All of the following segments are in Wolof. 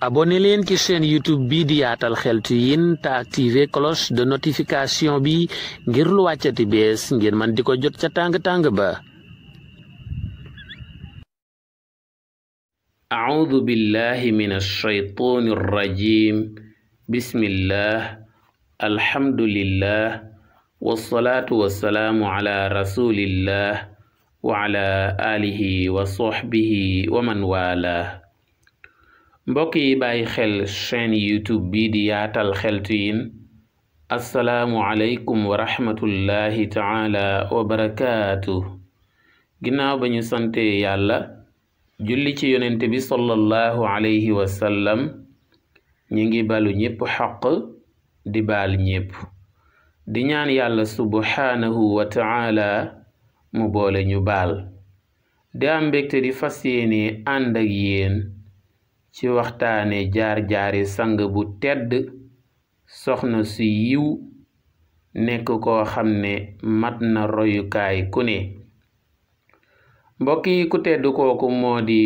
abonné leen ci seen youtube bi di yaatal xeltu yin te activé cloche de notification bi ngir lu wàccati bees ngir man di ko jot ca tàng-tàng ba audu billahi min alshaytaani arrajim bismillah alhamdulillah wasalaatu wasalaamu ala rasulillah wa ala alihi wa soxbihi wa man wala mbokk yi bàyyi xel chaîne youtube bii di yaatal xeltu yin asalaamu aleykum wa rahmatullahi taala ginnaaw ba ñu sante yàlla julli ci yonent bi sallallahu alayhi wa sallam ñi ngi balu ñépp xaq di baal ñépp di ñaan yàlla subhaanahu wa mu boole ñu baal di am mbégte di fas yéene ànd ak yéen ci waxtaane jaar-jaari sang bu tedd soxna su yiw nekk koo xam ne mat na royukaay ku ne mbokk yi ku tedd kooku moo di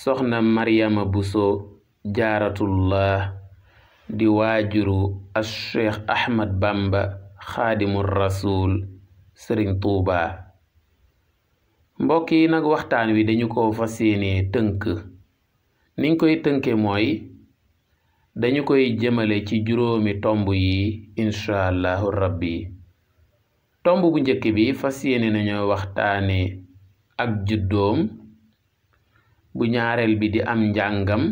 soxna maryama buso jaaratullah di waajuru as cheikh ahmad bamba xaadimu rasul sëriñ tuuba mbokk yi nag waxtaan wi dañu ko fas yéene tënk niñ koy tënke mooy dañu koy jëmale ci juróomi tomb yi incha allahu rabbi tomb bu njëkk bi fas yéene nañoo waxtaane ak juddoom bu ñaareel bi di am njàngam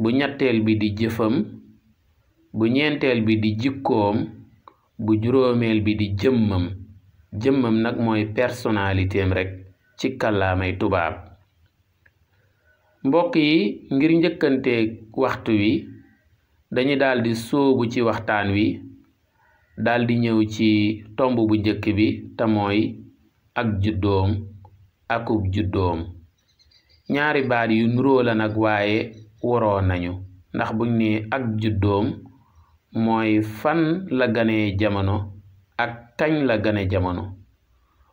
bu ñetteel bi di jëfam bu ñeenteel bi di jikkoom bu juróomeel bi di jëmmam jëmmam nag mooy personnalitéem rekk ci kàllaamay tubaab mbokk yi ngir njëkkanteeg waxtu wi dañu daldi sóobu ci waxtaan wi daldi ñëw ci tomb bu njëkk bi te mooy ak juddoom akub juddoom ñaari baat yu nuroo la nag waaye waroo nañu ndax buñ ne ak juddoom mooy fan la ganee jamono ak kañ la gane jamono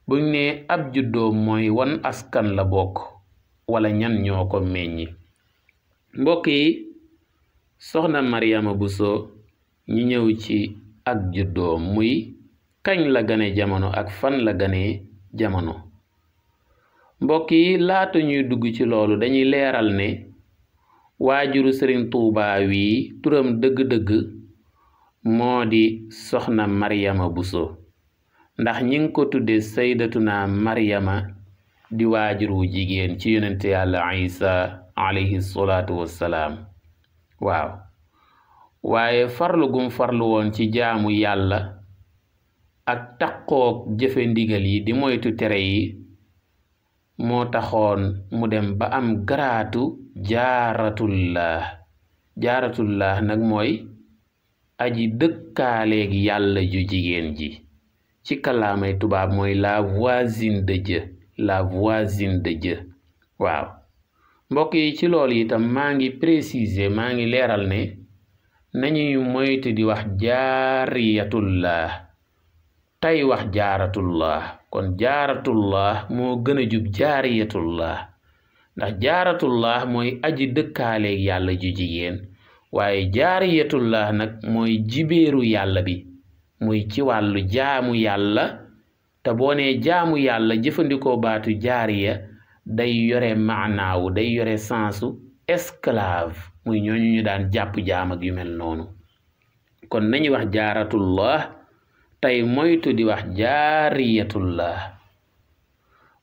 buñ ne ab juddoom mooy wan askan la bokk wala ñan ñoo ko meññi mbokk yi soxna Mariama Bousso ñu ñëw ci ak juddoom muy kañ la gane jamono ak fan la gane jamono mbokk yi laata ñuy dugg ci loolu dañuy leeral ne waajuru Sëriñ Tuubaa wi turam dëgg-dëgg moo di soxna bu Bousso ndax ñi ngi ko tudde seydatu na Mariama di waajur wu jigéen ci yonente yàlla isa alayhi salaatu wassalaam waaw waaye farlu gum farlu woon ci jaamu yàlla ak takkook jëfe ndigal yi di moytu tere yi moo taxoon mu dem ba am garaatu jaaratullah jaaratullah nag mooy aji dëkkaaleeg yàlla ju jigéen ji ci kalaamay tubaab mooy la voisine de Dieu la voisine de Dieu waaw mbokk yi ci lool itam maa ngi préciser maa ngi leeral ne nañuy moytu di wax jaariyatullah tey wax jaaratullah kon jaaratullah moo gën a jub jaariyatullah ndax jaaratullah mooy aji dëkkaale yàlla ju jigéen waaye jaariyatullah nag mooy jibéeru yàlla bi muy ci wàllu jaamu yàlla te boo nee jaamu yàlla jëfandikoo baatu jaariya day yore maanaawu day yore sensu esclave muy ñooñu ñu daan jàpp jaam ak yu mel noonu kon nañu wax jaaratullah tey moytu di wax jaariyatullah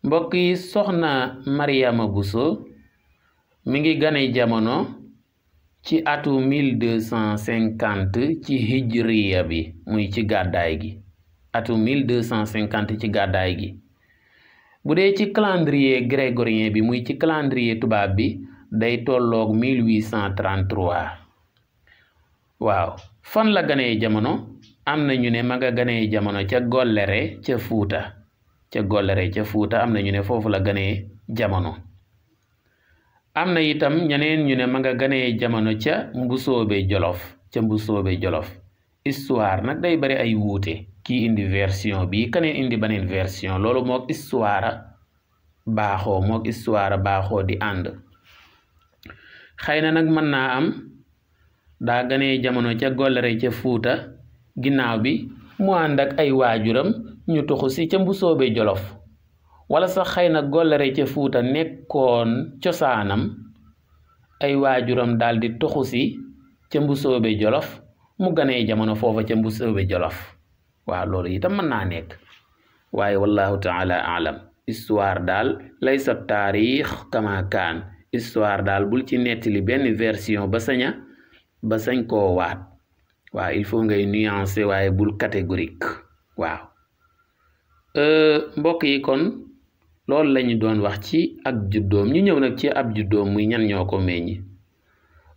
mbokk yi soxna Mariama Bousso mi ngi gëna jamono ci atu 1250 ci hijriya bi muy ci gàddaay gi atum 1250 ci gàddaay gi bu dee ci calendrier grégorien bi muy ci calendrier tubaab bi day tolloog 1833 waaw fan la ganee jamono am na ñu ne ma nga ganee jamono ca Golléré ca Fuuta ca Golléré ca Fuuta am na ñu ne foofu la ganee jamono am na itam ñeneen ñu ne maga nga ganee jamono ca Mbusoobe Jolof ca Mbusoobe Jolof histoire nag day bari ay wuute kii indi version bi kaneen indi beneen version loolu mook histoire baaxoo mook histoire baaxoo di ànd xëy na nag mën naa am daa ganee jamono ca Golléré ca Fuuta ginnaaw bi mu ànd ak ay waajuram ñu tuxu si ca Mbusoobe Jolof wala sax xëy na Golléré ca Fuuta nekkoon cosaanam ay waajuram daal di tuxu si ca Mbusoobe Jolof mu ganee jamono foofa ca Mbusoobe Jolof waaw loolu itam mën naa nekk waaye wallahu taala alam histoire daal laysa taarix kama kaan histoire daal bul ci nettali benn version ba saña ba sañ koo waat waaw il faut ngay nuancer waaye bul catégorique waaw euh, mbokk yi kon loolu lañu doon wax ci ak juddoom ñu ñëw nag ci ab juddoom muy ñan ñoo ko meññi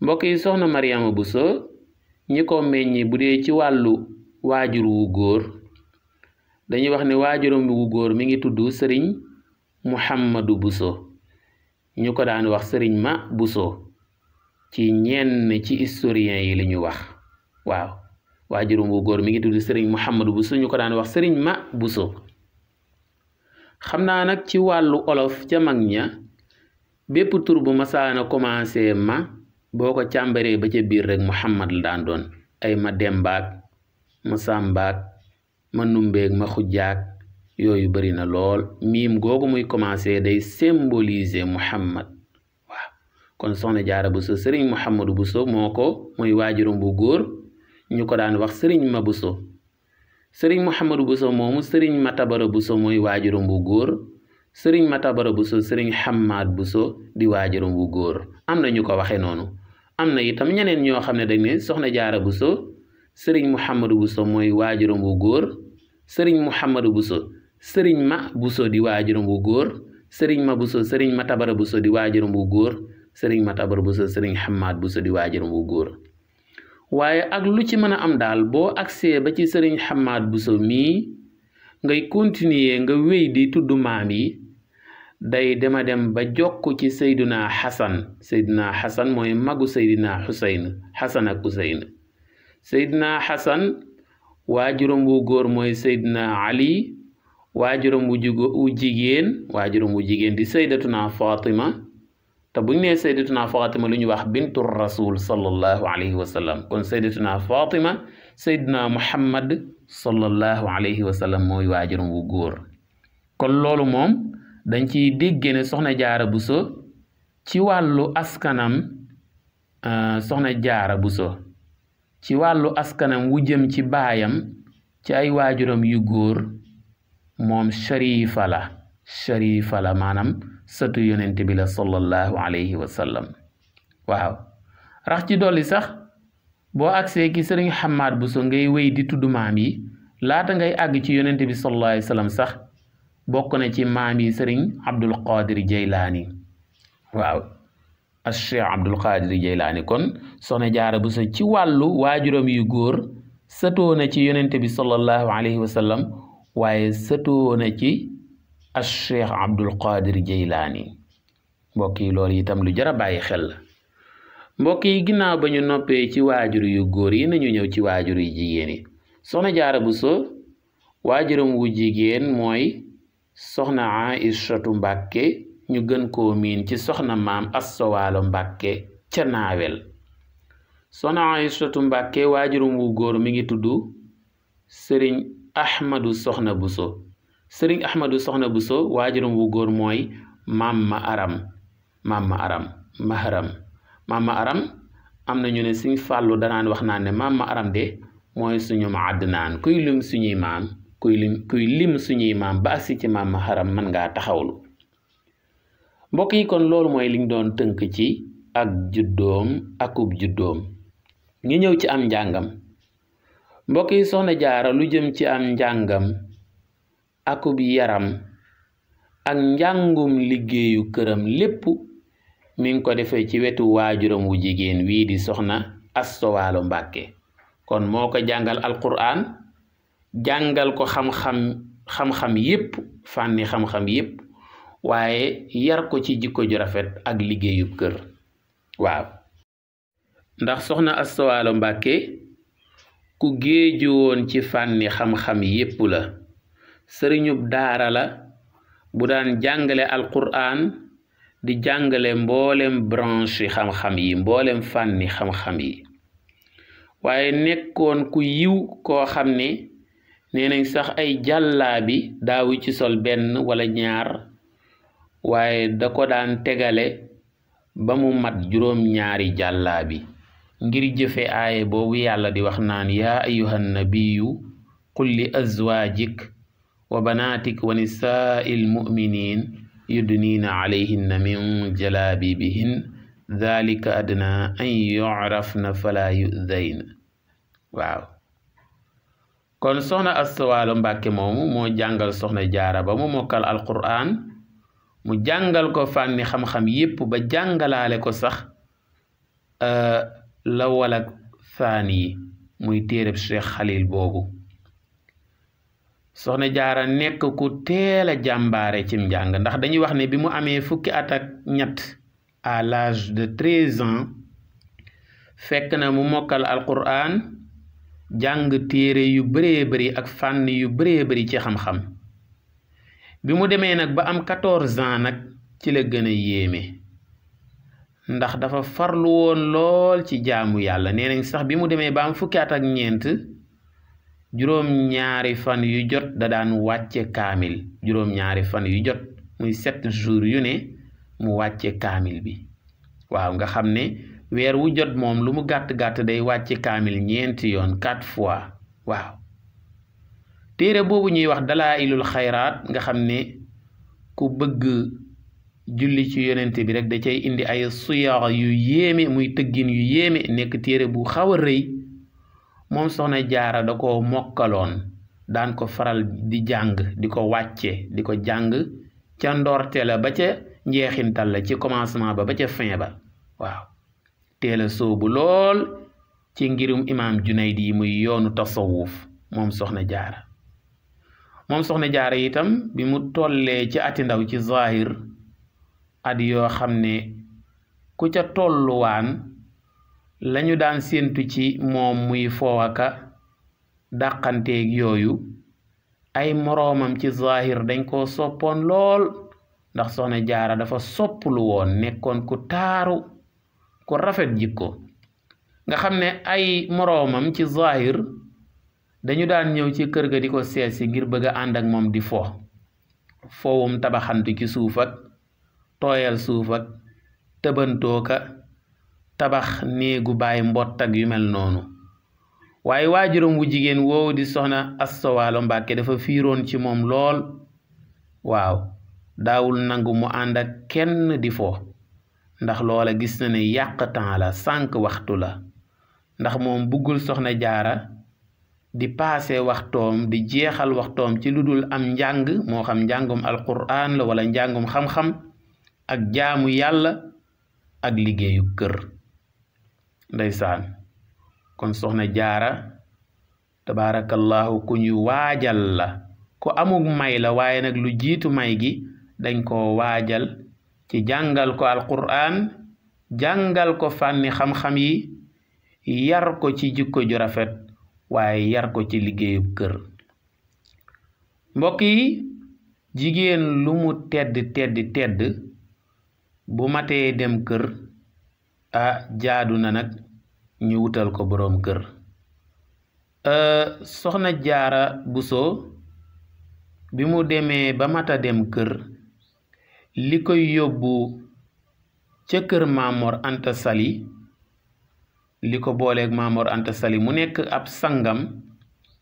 mbokk yi soxna Mariama Bousso ñi ko meññi bu dee ci wàllu waajur wu góor dañuy wax ne waajuram wu góor mi ngi tudd sëriñ Muhammadu Buso ñu ko daan wax sëriñ ma Buso ci ñenn ci historien yi li wax waaw waajuram wu góor mi ngi tudd sëriñ Muhammadu Buso ñu ko daan wax sëriñ ma Buso xam naa nag ci wàllu olof ca mag ña bépp tur bu masaana commencé ma boo ko càmbaree ba ca biir rek Muhammad la daan doon ay ma dembaak ma sàmbaag ma numbeeg ma xujjaag yooyu bari na lool miim googu muy commencé day symboliser Muhammad waaw kon soxna jaara Buso sëriñ Muhammadu Buso moo ko muy waajuram bu góor ñu ko daan wax sëriñ ma Buso sëriñ Muhammadu Buso moomu sëriñ Matabara Buso mooy waajuram bu góor sëriñ Matabara bu sëriñ Hammaad Buso di waajuram bu góor am na ñu ko waxee noonu am na itam ñeneen ñoo xam ne dañ ne soxna jaara Buso sëriñ Mouhamadou so mooy waajuram wu góor sëriñ Mouhamadou Bousso sëriñ ma Bousso di waajuram wu góor sëriñ ma Bousso sëriñ ma tabara Bousso di waajuram wu góor sëriñ ma tabara Bousso sëriñ bu Bousso di waajuram wu góor waaye ak lu ci mën a am daal boo agsee ba ci sëriñ bu Bousso mii ngay continuer nga wéy di tudd maam yi day dema dem ba jokk ci Seydina Xasan Seydina Xasan mooy magu Seydina Xuseyn Xasan ak Xuseyn seydina xasan waajuram wu góor mooy seydina ali waajuram wu jigéen waajuram wu jigéen di saydatuna fatima te buñ nee saydatuna fatima lu ñu wax bintu rasul sallallahu alayhi wa sallam kon saydatuna fatima seydina muhammad sallallahu alayhi wa sallam mooy wu góor kon loolu moom dañ ci dégg ne soxna jaara buso ci wàllu askanam euh, soxna jaara buso ci wàllu askanam wu jëm ci baayam ci ay waajuram yu góor moom sharifa la sharifa la maanaam sëtu yonent bi la sallallahu alayhi wa sallam waaw rax ci dolli sax boo agsee ki sëriñ xamaat bu so ngay wéy di tudd maam yi laata ngay àgg ci yonent bi sallallahu alayhi sax bokk na ci maam yi sëriñ abdul qadir jaylaani waaw ak Cheikh Abdul Qadir Jeylaani kon soxna jaara bu sa ci wàllu waajuram yu góor sëtoo na ci yonente bi sallallahu alayhi wa waaye sëtoo ci ak Cheikh Abdul Qadir Jeylaani mbokk yi loolu itam lu jar a bàyyi xel la mbokk yi ginnaaw ba ñu noppee ci waajur yu góor yi nañu ñëw ci waajur yu jigéen yi soxna jaara bu sa waajuram wu jigéen mooy soxna Aïchatu Mbàkke ñu gën koo miin ci soxna maam assowaalo mbàkke ca naawel soxna sotu mbàkke waajurum wu góor mi ngi tudd sëriñ ahmadu soxna buso sëriñ ahmadu soxna buso waajurum wu góor mooy maam ma aram maam ma aram maharam maam ma aram am na ñu ne suñ fàllu danaan wax naan ne maam ma aram de mooy suñu àddinaan kuy lim suñuy maam kuy lim kuy lim suñuy maam ba agsi ci maam ma aram mën ngaa taxawlu mbokk yi kon loolu mooy liñ doon tënk ci ak juddoom akub juddoom ñu ñëw ci am njàngam mbokk yi soxna jaara lu jëm ci am njàngam akub yaram ak njàngum liggéeyu këram lépp mi ngi ko defee ci wetu waajuram wu jigéen wii di soxna astowaalo mbàkke kon moo ko jàngal alquran jàngal ko xam-xam xam-xam yépp fànni xam-xam yépp waaye yar ko ci jikko ju rafet ak liggéeyub kër waaw ndax soxna Asta Walo Mbàkke ku géeju woon ci fànni xam-xam yépp la sëriñub daara la bu daan jàngale alquran di jàngale mboolem branche xam-xam yi mboolem fànni xam-xam yi waaye nekkoon ku yiw koo xam ne nee sax ay jàllaa bi daawu ci sol benn wala ñaar waaye da ko daan tegale ba mu mat juróom-ñaari jàllaabi ngir jëfe aaye boobu yàlla di wax naan yaa ayuhan nabiyu qul li azwaajik wa banaatik wa nisaa'il mu'miniin yudniina alayhinna min jalaabibihin dalika adna an yurafna fala yudayn waaw kon soxna Asta Walo Mbàkke moomu moo jàngal soxna jaara ba mu mokkal alqur'an mu jàngal ko fànni xam-xam yépp ba jàngalaale ko sax euh, lawal ak saan yi muy téere Cheikh Xalil boobu soxna jaara nekk ku teel a jàmbaare cim njàng ndax dañuy wax ne bi mu amee fukki atak ñett à lage de treize ans fekk na mu mokkal alquran jàng téere yu bëree bëri ak fànn yu bëree bëri ci xam-xam bi mu demee nag ba am quatorze ans nag ci la gën a yéeme ndax dafa farluwoon lool ci jaamu yàlla nee nañ sax bi mu demee ba am fukki at ak ñeent juróom-ñaari fan yu jot da daan wàcce kaamil juróom-ñaari fan yu jot muy sept jours yu ne mu wàcce kaamil bi waaw nga xam ne weer wu jot moom lu mu gàtt-gàtt day wàcce kaamil ñeenti yoon quatre fois waaw téere boobu ñuy wax dalailul xayraat nga xam ne ku bëgg julli ci yonent bi rek da cay indi ay suyar yu yéeme muy tëggin yu yéeme nekk téere bu xaw a rëy moom soxna jaara da ko mokkaloon daan ko faral di jàng di ko wàcce di ko jàng ca ndoorte la ba ca njeexintal la ci commencement ba ba ca fin ba waaw teel a soobu lool ci ngirum imaam Junayd yi muy yoonu tasawuf moom soxna jaara moom soxne jaara itam bi mu tollee ci ati ndaw ci zahir at yoo xam ne ku ca tolluwaan lañu daan seentu ci moom muy foowaka dàqanteeg yooyu ay moroomam ci zahir dañ koo soppoon lool ndax soxna jaara dafa sopplu woon nekkoon ku taaru ku rafet jikko nga xam ne ay moroomam ci zahir dañu daan ñëw ci kër ga di ko seet si ngir bëgg ànd ak moom di fo fowum tabaxantu ci suuf ak tooyal suuf ak tëbantooka tabax néegu baay mbott ak yu mel noonu waaye waajuram wu jigéen woowu di soxna astowaalo mbàkke dafa fiiroon ci moom lool waaw daawul nangu mu ànd ak kenn di fo ndax loola gis na ne yàq temps la sànq waxtu la ndax moom buggul soxna jaara di paase waxtoom di jeexal waxtoom ci lu dul am njàng moo xam njàngum alquran la wala njàngum xam-xam ak jaamu yàlla ak liggéeyu kër ndeysaan kon soxna jaara tabaarakallaahu ku ñu waajal la ku amug may la waaye nag lu jiitu may gi dañ ko waajal ci jàngal ko alquran jàngal ko fànni xam-xam yi yar ko ci jikko ju rafet waaye yar ko ci liggéeyub kër mbokk yi jigéen lu mu tedd tedd tedd bu matee dem kër a jaadu na nag ñu wutal ko boroom kër soxna jaara buso bi mu demee ba mata dem kër li koy yóbbu ca kër Maamoor Anta Sali li ko booleeg Maamoor Anta Sali mu nekk ab sangam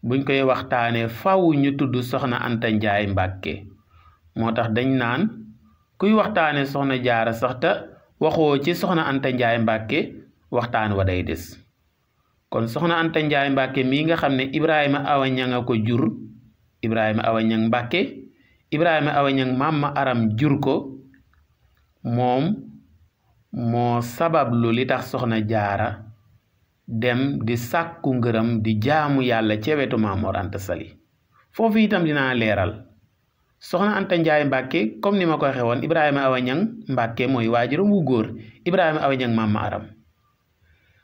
buñ koy waxtaanee faw ñu tudd soxna Anta Njaay Mbàkke moo tax dañ naan kuy waxtaane soxna jaara saxta te waxoo ci soxna Anta Njaay Mbàkke waxtaan wa day des kon soxna Anta mii nga xam ne Ibrahima Awa Ñang a ko jur Ibrahima Awa Ñang Mbàkke Ibrahima Awa Ñang Màmma Aram jur ko moom moo sabablu li tax soxna jaara dem di sàkku ngërëm di jaamu yàlla ca wetu Maam Anta Sali foofu itam dina leeral soxna Anta Ndiaye Mbacke comme ni ma ko waxee woon Ibrahima Awa Niang Mbacke mooy waajuram wu góor Ibrahima Awa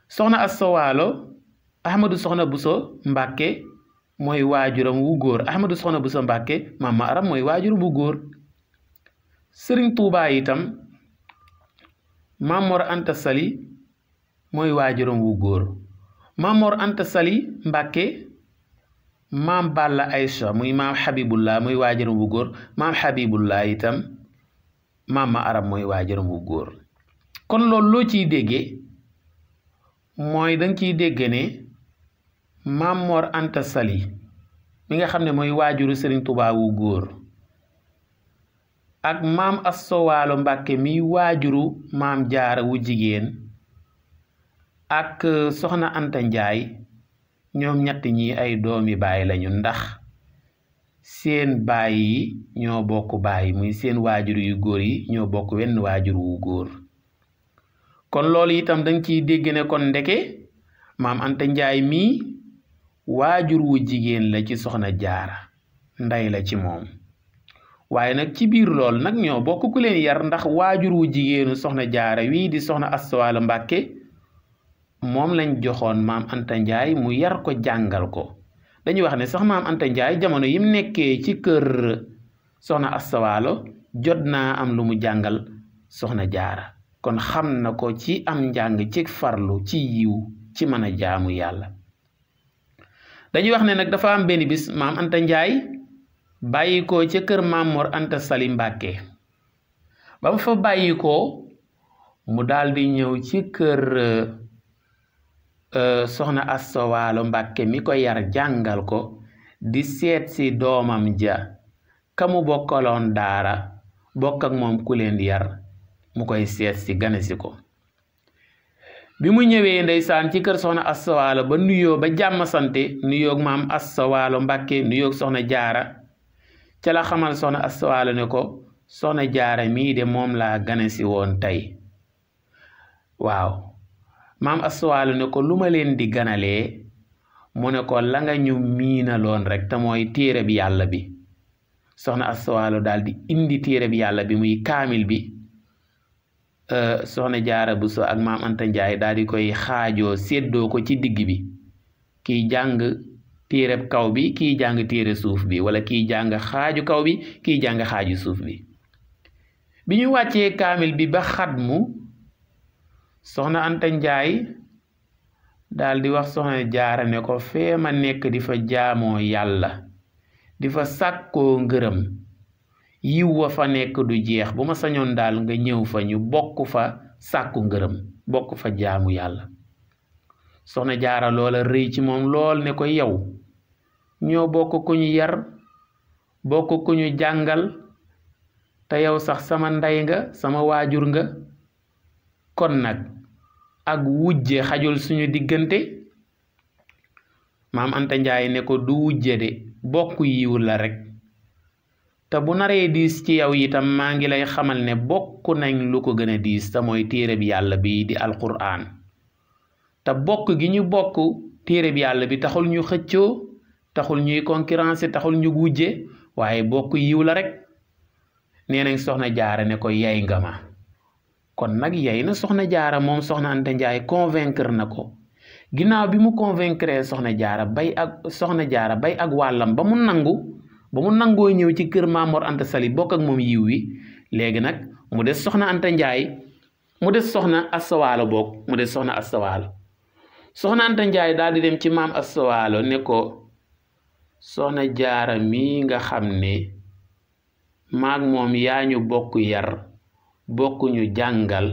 soxna Asta Waalo Ahmadou soxna Bousso Mbacke mooy waajuram wu góor Ahmadou soxna Bousso Mbacke maam mooy waajuram wu góor itam Maam Anta Sali mooy waajuram wu góor Mamor Anta Sali Mbàkke maam Balla Aïcha muy maam Habibullah muy waajuram wu góor maam Habibullah itam maam ma arab mooy waajuram wu góor kon loolu loo ciy déggee mooy danga ciy dégg ne maam Mor Anta Sali mi nga xam ne mooy waajuru Serigne Touba wu góor ak maam Asso Waalo Mbàkke miy waajuru maam Jaara wu jigéen ak euh, soxna Anta Njaay ñoom ñett ñi ay doomi baay lañu ndax seen baay ñoo bokk baay muy seen waajur yu góor yi ñoo bokk wenn waajur wu góor kon loolu itam dañ ciy dégg ne kon ndeke maam Anta Njaay mii waajur wu jigéen la ci soxna jaara ndey la ci moom waaye nag ci biir lool nag ñoo bokk ku leen yar ndax waajur wu jigéenu soxna jaara wii di soxna Astuwaalo Mbàkke moom lañ joxoon maam Anta Ndiaye mu yar ko jàngal ko dañuy wax ne sax maam Anta Ndiaye jamono mu nekkee ci kër soxna Asta jot naa am lu mu jàngal soxna jaara kon xam na ko ci am njàng ci farlu ci yiw ci mën a jaamu yàlla dañuy wax ne nag dafa am benn bis maam Anta Ndiaye bàyyi ca kër maam Mor Anta Sali Mbàkke ba mu fa bàyyi mu daal di ñëw ci kër. Euh, soxna Asta Waalo Mbàkke mi ko yar jàngal ko di seet si doomam ja kamu mu bokkaloon daara bokk moom ku leen yar mu koy seet si gane si ko bi mu ñëwee ndeysaan ci kër soxna Asta ba nuyoo ba jàmm sante nuyoog maam Asta Waalo Mbàkke nuyoog soxna jaara ca la xamal soxna Asta Waalo ne ko soxna jaara mii moom laa gane si woon tey waaw maam aswaalu ne ko lu ma leen di ganalee mu ne ko la nga ñu loon rek te mooy téere bi yàlla bi soxna aswaalu daal di indi téere bi yàlla bi muy kaamil bi euh, soxna jaara so ak maam anta njaay daal di koy xaajoo séddoo ko ci digg bi kiy jàng téereb kaw bi kiy jàng téere suuf bi wala kiy jàng xaaju kaw bi kiy jàng xaaju suuf bi bi ñu wàccee kaamil bi ba xatmu soxna Anta Njaay daldi wax soxna jaara ne ko fee ma nekk di fa jaamoo yàlla di fa sàkkoo ngërëm yiw wa fa nekk du jeex bu ma sañoon daal nga ñëw fa ñu bokk fa sàkku ngërëm bokk fa jaamu yàlla soxna jaara loola rëy ci moom lool ne ko yow ñoo bokk ku ñu yar bokk ku ñu jàngal te yow sax sama ndey nga sama waajur nga kon nag ak wujje xajul suñu diggante maam Anta ne ko du wujje de bokk yiw la rekk te bu naree diis ci yow yitam maa ngi lay xamal ne bokk nañ lu ko gën a diis te mooy téere bi yàlla bi di alquraan te bokk gi ñu bokk téere bi yàlla bi taxul ñu xëccoo taxul ñuy concurrence taxul ñu wujje waaye bokk yiw la rekk nee nañ soxna jaara ne ko yey nga ma kon nag yey na soxna jaara moom soxna Anta Ndiaye convaincre na ko ginnaaw bi mu convaincre soxna jaara bay ak soxna jaara bay ak wàllam ba mu nangu ba mu nangoo ñëw ci kër Mamor Anta Sali bokk ak moom yiw wi léegi nag mu des soxna Anta Ndiaye mu des soxna astawaalo boog mu des soxna astawaalo soxna Anta Ndiaye daal di dem ci maam astawaalo ne ko soxna jaara mi nga xam ne maag moom yaa ñu bokk yar ñu jàngal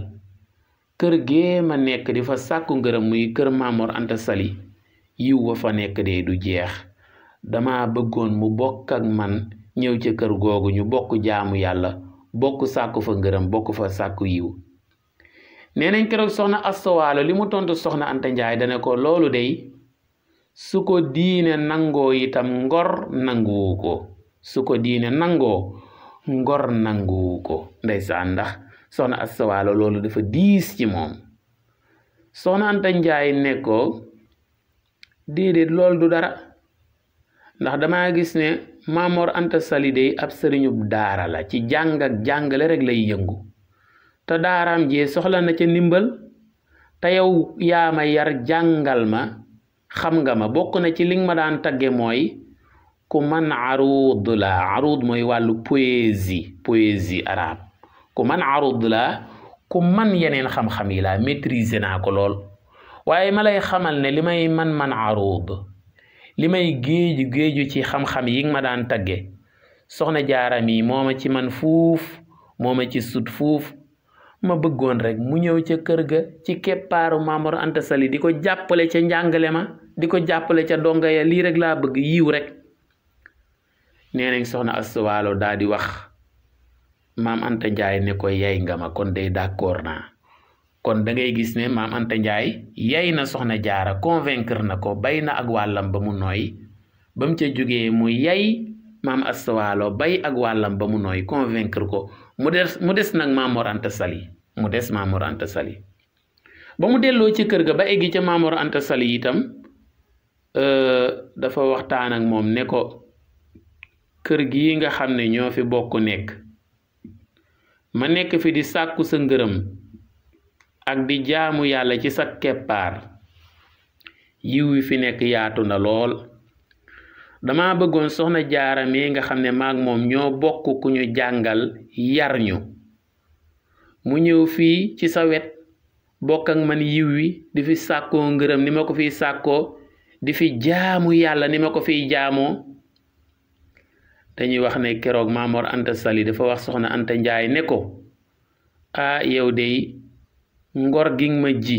kër gee ma nekk di fa sàkku ngërëm muy kër Mamor Anta Sali yiw wa fa nekk de du jeex dama bëggoon mu bokk ak man ñëw ca kër googu ñu bokk jaamu yàlla bokk sàkku fa ngërëm bokk fa sàkku yiw nee nañ keroog soxna astowaalo li mu tontu soxna Anta Njaay dane ko loolu dey su ko diine nangoo itam ngor nanguwu ko su ko diine nangoo ngor nanguwu ko ndeysaan ndax soxna Asta Waalo loolu dafa diis ci moom soxna Anta Njaay nekkoo ko déedéet loolu du dara ndax damaa gis ne Maamoor Anta Sali ab sëriñub daara la ci jàng jàngale rek lay yëngu te daaraam jee soxla na ca ndimbal te yow yaa ma yar jàngal ma xam nga ma bokk na ci li nga ma daan tagge mooy ku man aruud la aruud mooy wàllu poésie poésie arabe ku man arud laa ku man yeneen xam-xam yi laa maîtriser naa ko lool waaye ma lay xamal ne li may man man arud li may géeju géeju ci xam-xam yi nga ma daan tagge soxna jaaram yi moo ma ci man fuuf mooma ci sut fuuf ma bëggoon rek mu ñëw ca kër ga ci keppaaru Maamor Anta di ko jàppale ca njàngale ma di ko jàppale ca donga ya lii rek laa bëgg yiw rek nee nañ soxna astuwaalo daa di wax maam Anta Ndiaye ne ko yay nga ma kon day d'accord na kon da ngay gis ne maam Anta Ndiaye yay na soxna jaara convaincre na ko bay na ak wàllam ba mu nooy ba mu ca jógee mu yay maam astawaalo bay ak wàllam ba mu nooy convaincre ko mu des mu des nag maam Mor Anta Sali mu des maam Mor Anta Sali ba mu delloo ci kër ga ba eggi ca maam Mor Anta Sali itam euh, dafa waxtaan moom ne ko kër gii nga xam ne ñoo bokk nekk ma nekk fii di sàkku sa ngërëm ak di jaamu yàlla ci sa keppaar yiw wi fi nekk yaatu na lool dama bëggoon soxna jaaram yi nga xam ne maag moom ñoo bokk ku ñu jàngal yar ñu mu ñëw fii ci sa wet bokk ak man yiw wi di fi sàkkoo ngërëm ni ma ko fiy sàkkoo di fi jaamu yàlla ni ma ko fiy jaamoo dañuy wax ne keroog Maamoor Anta Sali dafa wax soxna Anta Njaay ne ko ah yow de ngor gi ma ji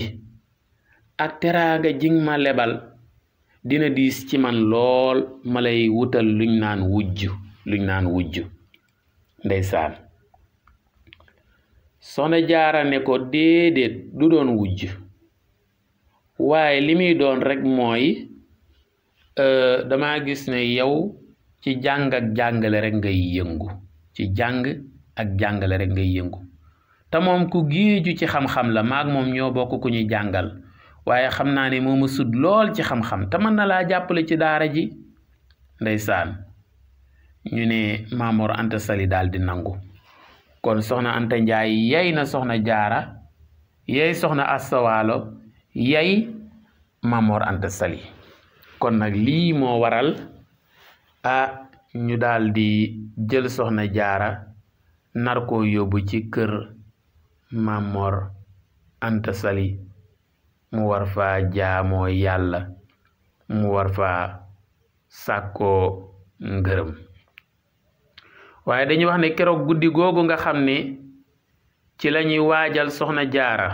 ak teraanga jig nga ma lebal dina diis ci man lool ma lay wutal luñ naan wujj luñ naan wujj ndeysaan soxna jaara ne ko déedéet du doon wujj waaye li muy doon rekk mooy euh, dama gis ne yow ci jàng ak jàngale rekk ngay yëngu ci jàng ak jàngale rek ngay yëngu te moom ku géeju ci xam-xam la maag moom ñoo bokk ku ñuy jàngal waaye xam naa ne mooma sut lool ci xam-xam te mën na laa jàppale ci daara ji ndeysaan ñu ne Maamoor Anta Sali daal di nangu kon soxna Anta Njaay yay na soxna Jaara yay soxna Astawaalo yay Maamoor Anta Sali kon nag lii moo waral a ñu daldi jël soxna jaara nar ko yóbbu ci kër Mamor Anta Sali mu war fa jaamoo yàlla mu war fa sàkkoo ngërëm waaye dañuy wax ne keroog guddi googu nga xam ne ci lañuy waajal soxna jaara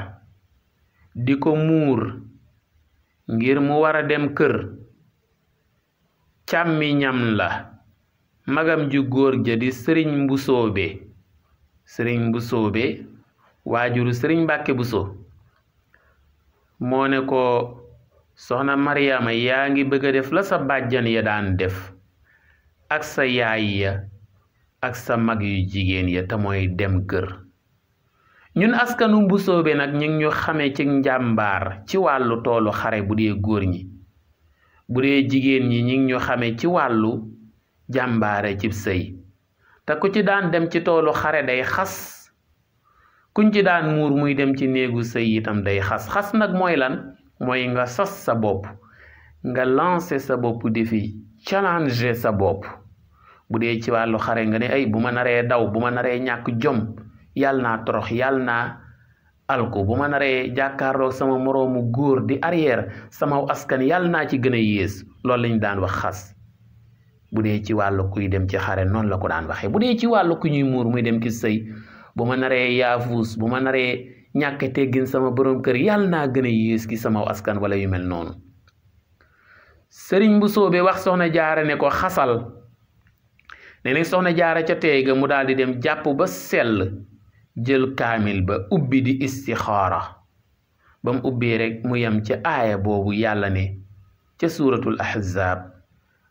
di ko muur ngir mu war a dem kër càmmiñam la magam ju góor ja di sëriñ mbusoobe sëriñ mbusoobe waajuru sëriñ mbàkke buso moo ne ko soxna maryaama yaa ngi bëgg a def la sa bàjjan ya daan def ak sa yaay ya ak sa mag yu jigéen ya te mooy dem kër ñun askanu mbusoobe nag ñu ngi ñu xamee ci njàmbaar ci wàllu toolu xare bu dee góor ñi bu dee jigéen ñi ñi ngi ñu xamee ci wàllu jàmbaare cib sëy te ku ci daan dem ci toolu xare day xas kuñ ci daan muur muy dem ci néegu sëy itam day xas xas nag mooy lan mooy nga sos sa bopp nga lancer sa bopp défi challenger sa bopp bu dee ci wàllu xare nga ne ay bu ma naree daw bu ma naree ñàkk jom yàlla naa torox yàlla naa alko bu ma naree jàkkaarloo sama moroomu góor di arrière sama askan yàlla naa ci gën a yées loolu lañu daan wax xas bu dee ci wàllu kuy dem ci xare noonu la ko daan waxee bu dee ci wàllu ku ñuy muur muy dem ci sëy bu ma naree yaafuus bu ma naree ñàkk teggin sama borom kër yàlla naa gën a yées ki sama askan wala yu mel noonu sëriñ bu soobee wax soxna jaara ne ko xasal ne ne soxna jaare ca teega mu daal di dem jàpp ba sell jël kaamil ba ubbi di istixaara ba ubbi rekk mu yem ci aaya boobu yàlla ne ca suuratu ahzaab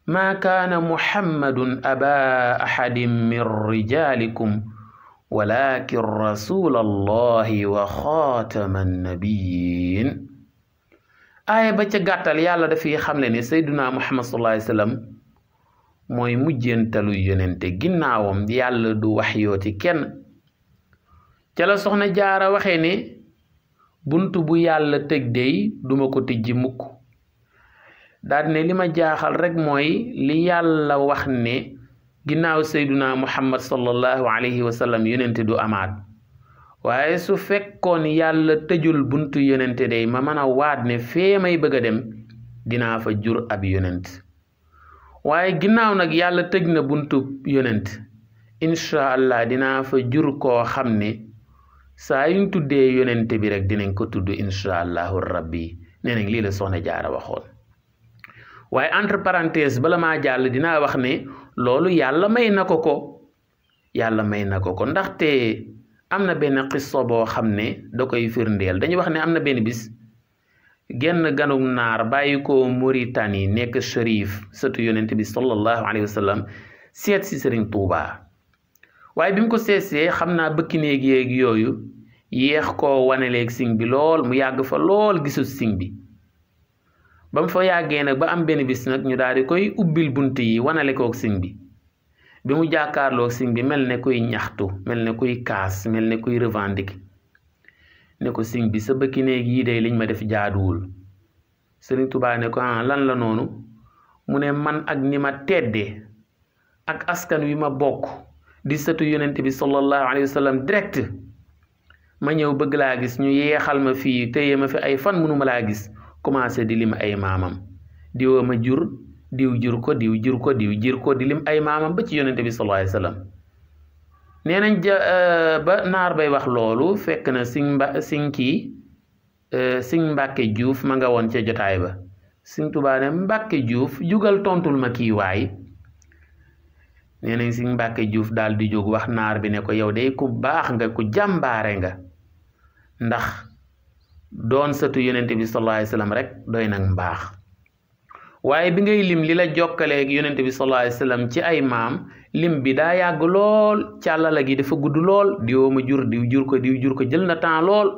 maa kaana muhammadun aba ahadin min rijaalikum walakin rasula allahi wa xaatama annabiyin aaya ba ca gàttal yàlla dafay xamle ne sayduna muhammad sallallahu alayhi wa sallam mooy mujjéntalu ginnaawam yàlla du wax yooti ca la soxna jaara waxe ne bunt bu yàlla tëj dey duma ko tijji mukk daal ne li ma jaaxal rekk mooy li yàlla wax ne ginnaaw sayduna muhammad sallallahu alayhi wa sallam yonente du amaat waaye su fekkoon yàlla tëjul buntu yonente day ma mën a waat ne fee may bëgg dem dinaa fa jur ab yonent waaye ginnaaw nag yàlla tëj na buntu yonent incha dinaa fa jur koo xam ne saa yuñ tuddee yonent bi rek dinañ ko tudd incha allahu rabbi nee nañ lii la soxna jaara waxoon waaye entre parenthèse bala maa jàll dinaa wax ne loolu yàlla may na ko ko yàlla may na ko ko ndaxte am na benn xisso boo xam ne da koy firndeel dañuy wax ne am na benn bis genn ganug naar bàyyi ko Mauritanie nekk Cherif sëtu yonent bi sallallahu alayhi wa seet si Sëriñ Tuubaa waaye bi mu ko seesee xam naa bëkki néeg yéeg yooyu yéex koo waneleeg sing bi lool mu yàgg fa lool gisul sing bi ba mu fa yàggee nag ba am benn bis nag ñu daal di koy ubbil bunt yi wanale koog sing bi bi mu jàkkaarloog sing bi mel ne kuy ñaxtu mel ne kuy kaas mel ne kuy revendiquer ne ko sing bi sa bëkki néeg yii day liñ ma def jaaduwul Sëriñ Tuubaa ne ko ah lan la noonu mu ne man ak ni ma teddee ak askan wi ma bokk di sëtu yonent bi sallallahu alayhi wa sallam ma ñëw bëgg laa gis ñu yeexal ma fii téye ma fi ay fan mënuma laa gis commencé di lim ay maamam diwa ma jur diw jur ko diw jur ko diw jur ko di lim ay maamam ba ci yonent bi sallallahu alayhi wa nee nañ ja euh, ba naar bay wax loolu fekk na siñ mba siñ kii euh, siñ Mbàkke Juuf ma nga woon ca jotaay ba siñ Tuubaa ne Mbàkke Juuf jugal tontul ma kii waay nee nañ Sëñ Mbàkke Juuf daal di jóg wax naar bi ne ko yow day ku baax nga ku jàmbaare nga ndax doon sëtu yonent bi sallallahu alayhi wa rek doy nag mbaax waaye bi ngay lim li la jokkaleeg yonent bi sallallahu alayhi ci ay maam lim bi daa yàgg lool càllala gi dafa gudd lool diwoo ma jur diw jur ko diw jur ko jël na temps lool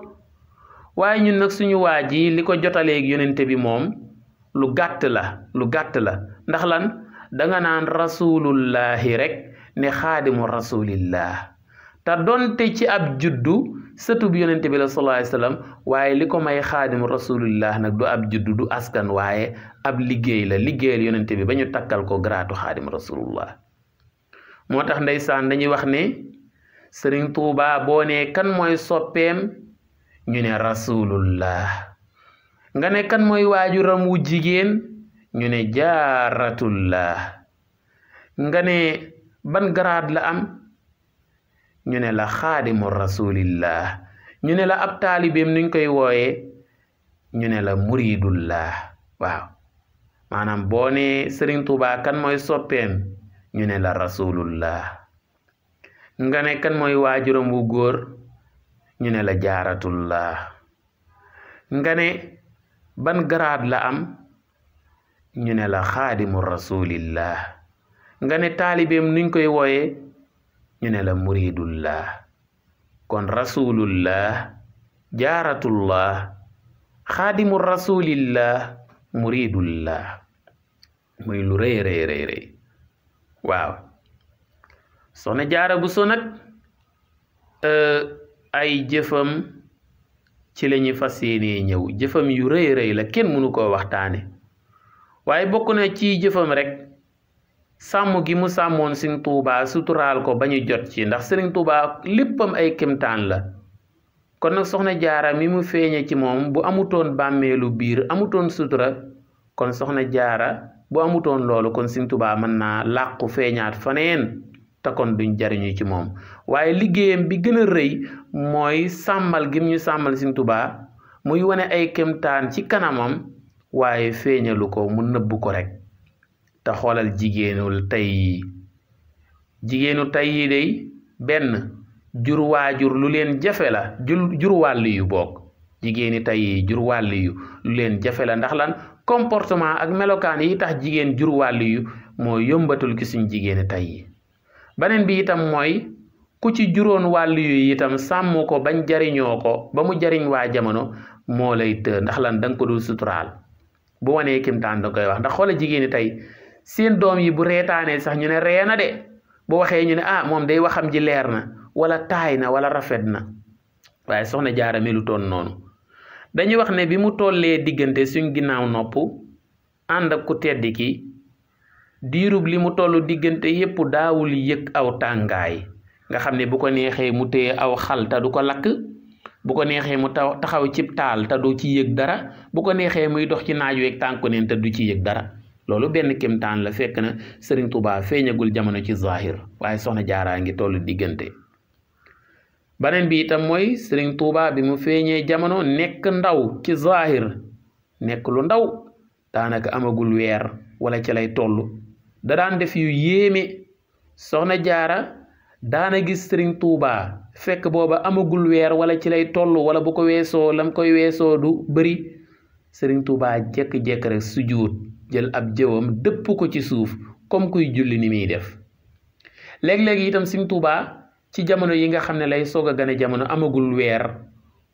waaye ñun nag suñu waa ji li ko jotalee yonent bi moom lu gàtt la lu gàtt la ndax lan danga naan rasulullahi rek ne xaadimu rasulillah te donte ci ab juddu sëtub yonent bi la sallallahu alayhi wasallam waaye li ko may xaadimu rasulillah nag du ab juddu du askan waaye ab liggéey la liggéeyal yonent bi ba ñu takkal ko garaatu xaadimu rasulullah moo tax ndeysaan dañuy wax ne sëriñ Tuuba boo ne kan mooy soppeem ñu ne rasulullah nga ne kan mooy waajuram wu jigéen ñu ne jaaratullah nga ne ban garaad la am ñu ne la xaadimu rasulillah ñu ne la ab taalibeem nuñ koy wooye ñu ne la muridullah waaw maanaam boo ne Sëriñ kan mooy soppeem ñu ne la rasulullah nga ne kan mooy waajuram wu góor ñu ne la jaaratullah nga ban garaad la am ñu ne la xaadimu rasulillah nga ne taalibeem nuñ koy wooyee ñu ne la muridullah kon rasulullah jaaratullah xaadimu rasulillah muridullah muy lu rëy rëy rëy rëy waaw soxna ne bu so nag euh, ay jëfam ci la ñu fas yéenee ñëw jëfam yu rëy rëy la kenn mënu koo waxtaane waaye bokk na ci jëfam rek sàmm gi mu sàmmoon Sëriñ suturaal ko ba ñu jot ci ndax Sëriñ Tuubaa léppam ay kémtaan la kon nag soxna jaaram yi mu feeñe ci moom bu amutoon bàmmeelu biir amutoon sutura kon soxna jaara bu amutoon loolu kon sintubaa Tuubaa mën naa làqu feeñaat faneen te kon duñ jariñu ci moom waaye liggéeyam bi gën a rëy mooy sàmmal gim ñu sàmmal sintubaa Tuubaa muy wane ay kémtaan ci kanamam waaye feeñalu ko mu nëbb ko rek te xoolal jigéenul tey yi jigéenu tey yi day benn jur waajur lu leen jafe la jur wàll yu boog jigéeni tey yi jur wàll yu lu leen jafe la ndax lan comportement ak melokaan yi tax jigéen jur wàll yu moo yombatul ki suñ jigéeni tey yi beneen bi itam mooy ku ci juróon wàll yu itam sàmm ko bañ jariñoo ko ba mu jariñ waa jamono moo lay të ndax lan danga ko dul suturaal bu wanee kimtaan da koy wax ndax xoola jigéen ñi tey seen doom yi bu reetaanee sax ñu ne ree na de bu waxee ñu ne ah moom day waxam ji leer na wala taay na wala rafet na waaye soxna jaara lu toon noonu dañuy wax ne bi mu tollee diggante suñ ginnaaw nopp ànd ak ku tedd ki diirub li mu toll diggante yépp daawul yëg aw tàngaay nga xam ne bu ko neexee mu téye aw xalta du ko lakk bu ko neexee mu taw taxaw cib taal te ci yëg dara bu ko neexee muy dox ci naaj weeg tànku neen te du ci yëg dara loolu benn kéemtaan la fekk na Serigne Touba feeñagul jamono ci zahir waaye soxna jaaraa ngi tollu diggante beneen bi itam mooy Serigne Touba bi feeñee jamono nekk ndaw ci zahir nekk lu ndaw daanaka amagul weer walla ci lay toll da daan def yu yéeme soxna jaara daana gis Serigne Touba. fekk booba amagul weer wala ci lay toll wala bu ko weesoo lam koy weesoo du bari sëriñ Tuubaa jekk-jekk rek sujjuut jël ab jëwam dëpp ko ci suuf comme kuy julli ni muy def léeg-léeg itam sëriñ Tuubaa ci jamono yi nga xam ne lay soog a gane jamono amagul weer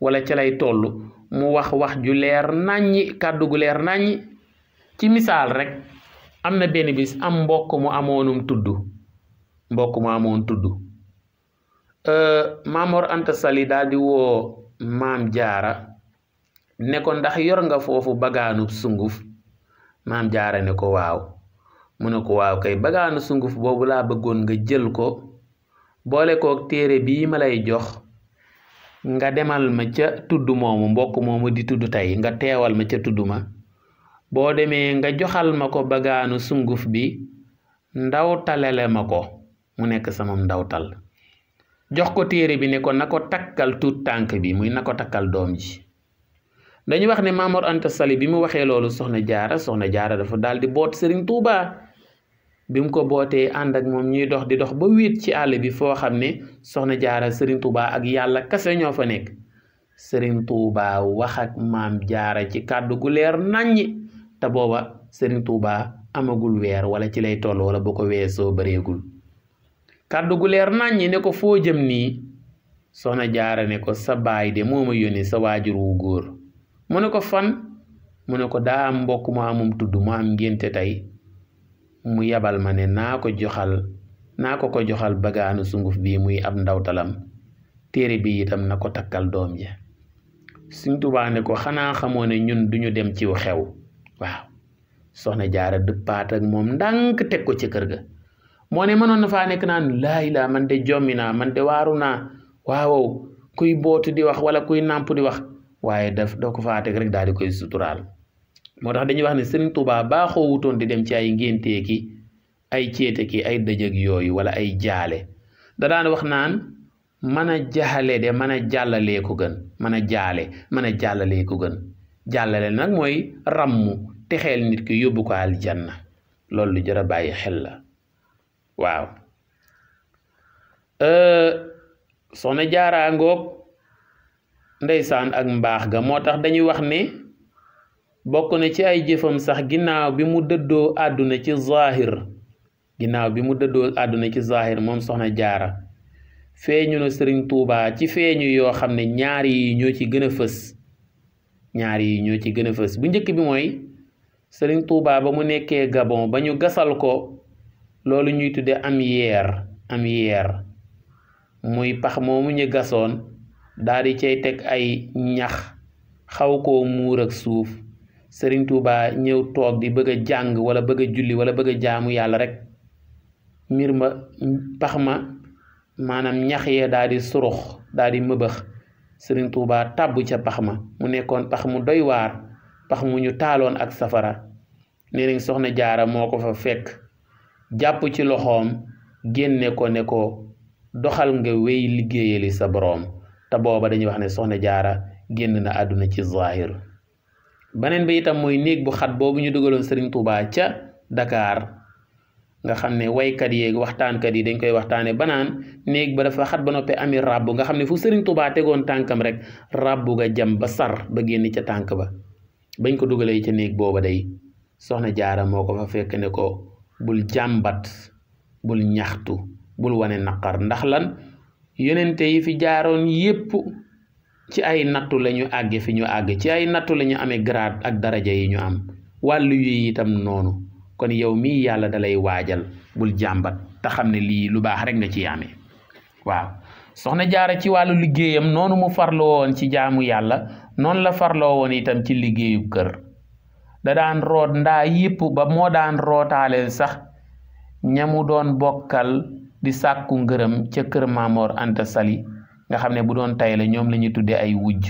wala ci lay tollu mu wax wax ju leer nàññi kàddu gu leer nàññi ci misaal rek am na benn bis am mbokk mu amoonum tudd mbokk mu amoon tudd Euh, Mamor Anta Sali daal di woo maam jaara ne ko ndax yor nga foofu bagaanu sunguf maam jaara ne ko waaw mu ne ko waaw kay bagaanu sunguf boobu laa bëggoon nga jël ko boole kook téere bii ma lay jox nga demal ma ca tudd moomu mbokk moomu di tudd tey nga teewal ma ca tudd ma boo demee nga joxal ma ko bagaanu sunguf bi ndawtalale ma ko mu nekk sama ndawtal jox ko téere bi ne ko na ko takkal tuut tànk bi muy na ko takkal doom ji dañu wax ne Mamor Anta Sali bi mu waxee loolu soxna jaara soxna jaara dafa daal di boot Serigne Touba bi ko bootee ànd ak moom ñuy dox di dox ba wéet ci àll bi foo xam ne soxna jaara Serigne Touba ak yàlla kase ñoo fa nekk sëriñ Touba wax ak maam jaara ci kàddu gu leer naññi te booba sëriñ Touba amagul weer wala ci lay toll wala boo ko weesoo bareegul kàddu gu leer ñi ne ko foo jëm nii soxna jaara ne ko sa baay de moo ma yónni sa waajur wu góor mu ne ko fan mu ne ko daa am mbokk mu amum tudd mu am ngénte tey mu yabal ma ne naa ko joxal naa ko ko joxal bagaanu sunguf bii muy ab ndawtalam téere bi itam na ko takkal doom ja Sëñ Tuubaa ko xanaa xamoo ne ñun duñu dem ciw xew waaw soxna jaara dëppaat ak moom ndànk teg ko ci kër ga moo ne mënoon na nekk naan laay laa man de jommi naa man de waaru naa waawow kuy bootu di wax wala kuy nàmp di wax waaye daf doo ko faa rek daal di koy suturaal moo tax dañuy wax ne Serigne Touba baaxoo wutoon di dem ci ay ngéntee ki ay céete ki ay dëjëg yooyu wala ay jaale da daan wax naan mën a jaxale de mën a jàllalee ko gën mën a jaale mën a jàllalee ko gën jàllale nag mooy rammu texeel nit ki yóbbu ko aljanna loolu lu jar a bàyyi xel la waaw euh, soxna jaaraa ngoog ndeysaan ak mbaax ga moo tax dañuy wax ne bokk na ci ay jëfam sax ginnaaw bi mu dëddoo àdduna ci zaahir ginnaaw bi mu dëddoo àdduna ci zaahir moom soxna jaara feeñu na sëriñ tuubaa ci feeñu yoo xam ne ñaari yi ñoo ci gën a fës ñaari yi ñoo ci gën a fës bu njëkk bi mooy sëriñ tuubaa ba mu nekkee gabon ba ñu gasal ko loolu ñuy tudde am yeer am yeer muy pax moomu ñu gasoon daal di cay teg ay ñax xaw koo muur ak suuf Sëriñ Tuubaa ñëw toog di bëgg jàng wala bëgg julli wala bëgg jaamu yàlla rek mbir ma pax ma maanaam ñax yee daal surux daal di mëbëx Sëriñ Tuubaa tàbb ca pax ma mu nekkoon pax mu doy waar pax mu ñu taaloon ak safara nee soxna jaara moo ko fa fekk jàpp ci loxoom génne ko ne ko doxal nga wéy liggéeyali sa boroom te booba dañuy wax ne soxna jaara génn na àdduna ci zahir beneen bi itam mooy néeg bu xat boobu ñu dugaloon sëriñ Touba ca dakaar nga xam ne waykat yeeg waxtaankat yi dañ koy waxtaane banaan néeg ba dafa xat ba noppee ami ràbb nga xam ne fu Serigne Touba tegoon tànkam rek ràbbu nga jam ba sar ba génn ca tànk ba bañ ko dugalee ca néeg booba day soxna jaara moo ko fa fekk ne ko bul jàmbat bul ñaxtu bul wane naqar ndax lan yonente yi fi jaaroon yépp ci ay nattu lañu ñu fi ñu àgg ci ay nattu lañu amee grade ak daraja yi ñu am wàllu yi itam noonu kon yow mii yàlla dalay waajal bul jàmbat te xam ne lii lu baax rek nga ci yaame waaw soxna jaara ci wàllu liggéeyam noonu mu farloo woon ci jaamu yàlla noonu la farloo woon itam ci liggéeyu kër da daan root ndaa yépp ba moo daan rootaaleel sax ñamu doon bokkal di sàkku ngërëm ca kër Maamoor Anta Sali nga xam ne bu doon tay la ñoom la tuddee ay wujj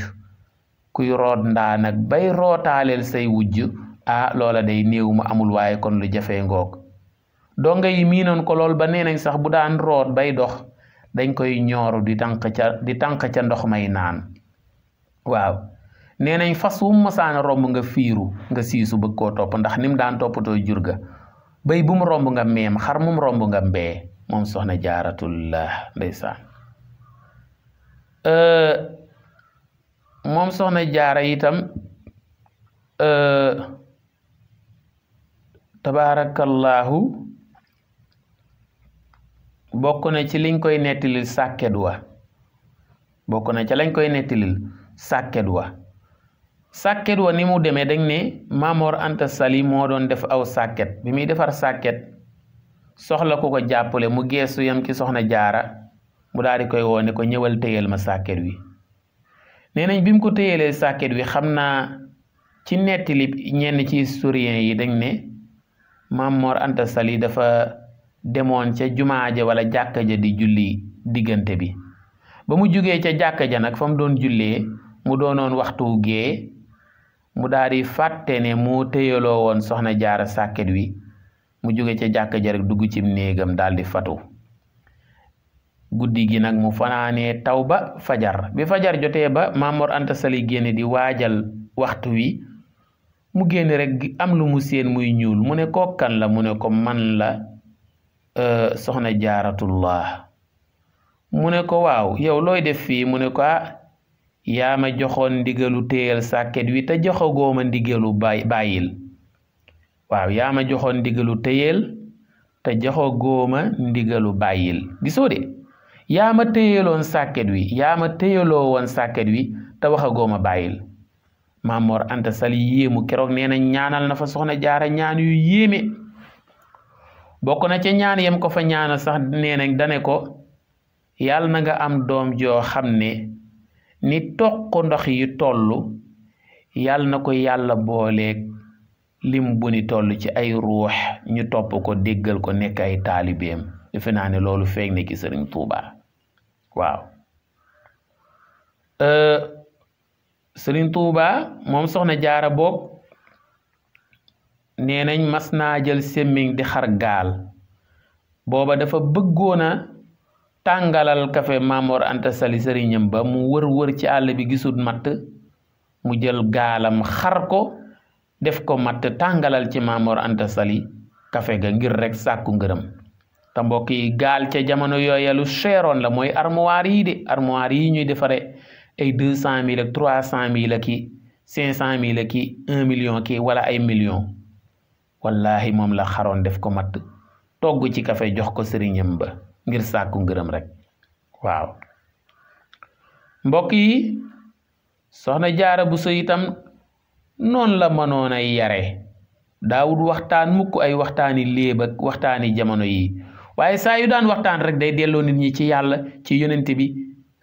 kuy root ndaa nag bay rootaaleel say wujj ah loola day néew ma amul waaye kon lu jafee ngoog donga yi miinoon ko lool ba nee nañ sax bu daan root bay dox dañ koy ñooru di tanq ca di tànq ca ndox may naan waaw nee nañ fas wu mu masaana romb nga fiiru nga siisu bëgg koo topp ndax ni mu daan toppatoo jurga ga béy bu mu romb nga meem xar mu mu romb nga mbee moom soxna jaaratullah ndeysaan euh, moom soxna jaara itam euh, tabaarakallaahu bokk na ci liñ koy nettilil sàkket wa bokk na ci lañ koy nettilil sàkket wa sàkket wa ni mu demee dañ ne Mamor Anta Sali moo doon def aw sàkket bi muy defar sàkket soxla ku ko jàppale mu geesu yam ci soxna jaara mu daal di koy woo ko ñëwal téyel ma sàkket wi nee nañ bi mu ko téyelee sàkket wi xam naa ci nettali ñenn ci historien yi dañ ne Mamor Anta Sali dafa demoon ca jumaa ja wala jàkka ja di julli diggante bi ba mu jugee ca jàkka ja nag fa mu doon jullee mu doonoon waxtu gee mu daal di fàtte ne moo téyaloo woon soxna jaara sàkket wi mu jóge ca jàkka ja rek dugg ci néegam daal di fatu guddi gi nag mu fanaanee taw ba fajar bi fajar jotee ba Mamor Anta Sali génne di waajal waxtu wi mu génn rek am lu mu séen muy ñuul mu ne ko kan la mu ne ko man la euh, soxna jaaratullah mu ne ko waaw yow looy def fii mu ko ah, yaa ma joxoon ndigalu téyal sàkket wi te joxagoo ma ndigalu bay bàyyil waaw yaa ma joxoon ndigalu téyal te joxagoo ma ndigalu bàyyil gisoo de yaa ma téyaloon sàkket wi yaa ma téyaloo woon sàkket wi te waxagoo ma bàyyil Mamor Anta Sali yéemu keroog nee na ñaanal na fa soxna jaara ñaan yu yéeme bokk na ca ñaan yam ko fa ñaanal sax nee dane ko yàlla na nga am doom joo xam ne ni toq ndox yi tollu yàlla na ko yàlla booleeg lim bu ni toll ci ay ruux ñu topp ko déggal ko nekk ay taalibeem defe naa ne loolu feeñ ne ci sëriñ Touba waaw euh, sëriñ Touba moom soxna jaara boobu nee nañ mas naa jël semmiñ di xar gaal booba dafa bëggoona tàngalal kafe Mamor Anta Sali sëriñam ba mu wër wër ci àll bi gisul matt mu jël gaalam xar ko def ko matt tàngalal ci Mamor Anta Sali kafe ga ngir rek sàkku ngërëm te mbokk yi gaal ci jamono yooya lu seeroon la mooy armoire yi de armoire yi ñuy defare ay deux cent mille ak trois cent mille ak i cinq cent mille ak i un million ki wala ay million wallahi moom la xaroon def ko matt togg ci kafe jox ko sëriñam ba ngir sàkku ngërëm rek waaw mbokk yi soxna jaara bu so itam noonu la mënoon ay yare daawut waxtaan mukk ay waxtaani léeb ak waxtaani jamono yi waaye saa yu daan waxtaan rek day delloo nit ñi ci yàlla ci yonente bi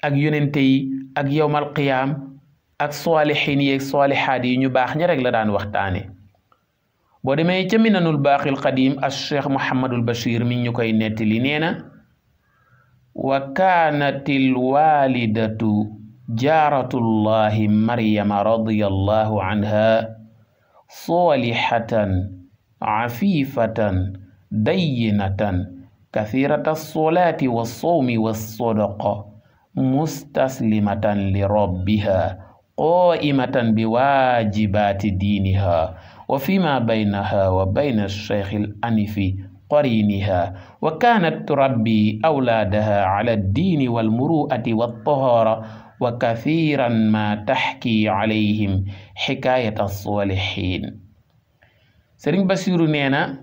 ak yonente yi ak yowmal qiyaam ak saalixiin yi ak saalixaat yi ñu baax ña rek la daan waxtaane boo demee ca minanul baaxil xadiim as cheikh Mouhamadul mi ñu koy nettali nee na wa kaanatil waalidatu jaaratullahi maryama radiyallahu anha saalihatan afifatan dayyinatan kathirata solaati wa sawmi wa sadaqa mustaslimatan li rabbiha qaa'imatan bi waajibaati diiniha wa fi ma baynaha wa bayna sheikh al anifi قرينها وكانت تربي أولادها على الدين والمروءة والطهارة وكثيرا ما تحكي عليهم حكاية الصالحين sëriñ Basiru nee na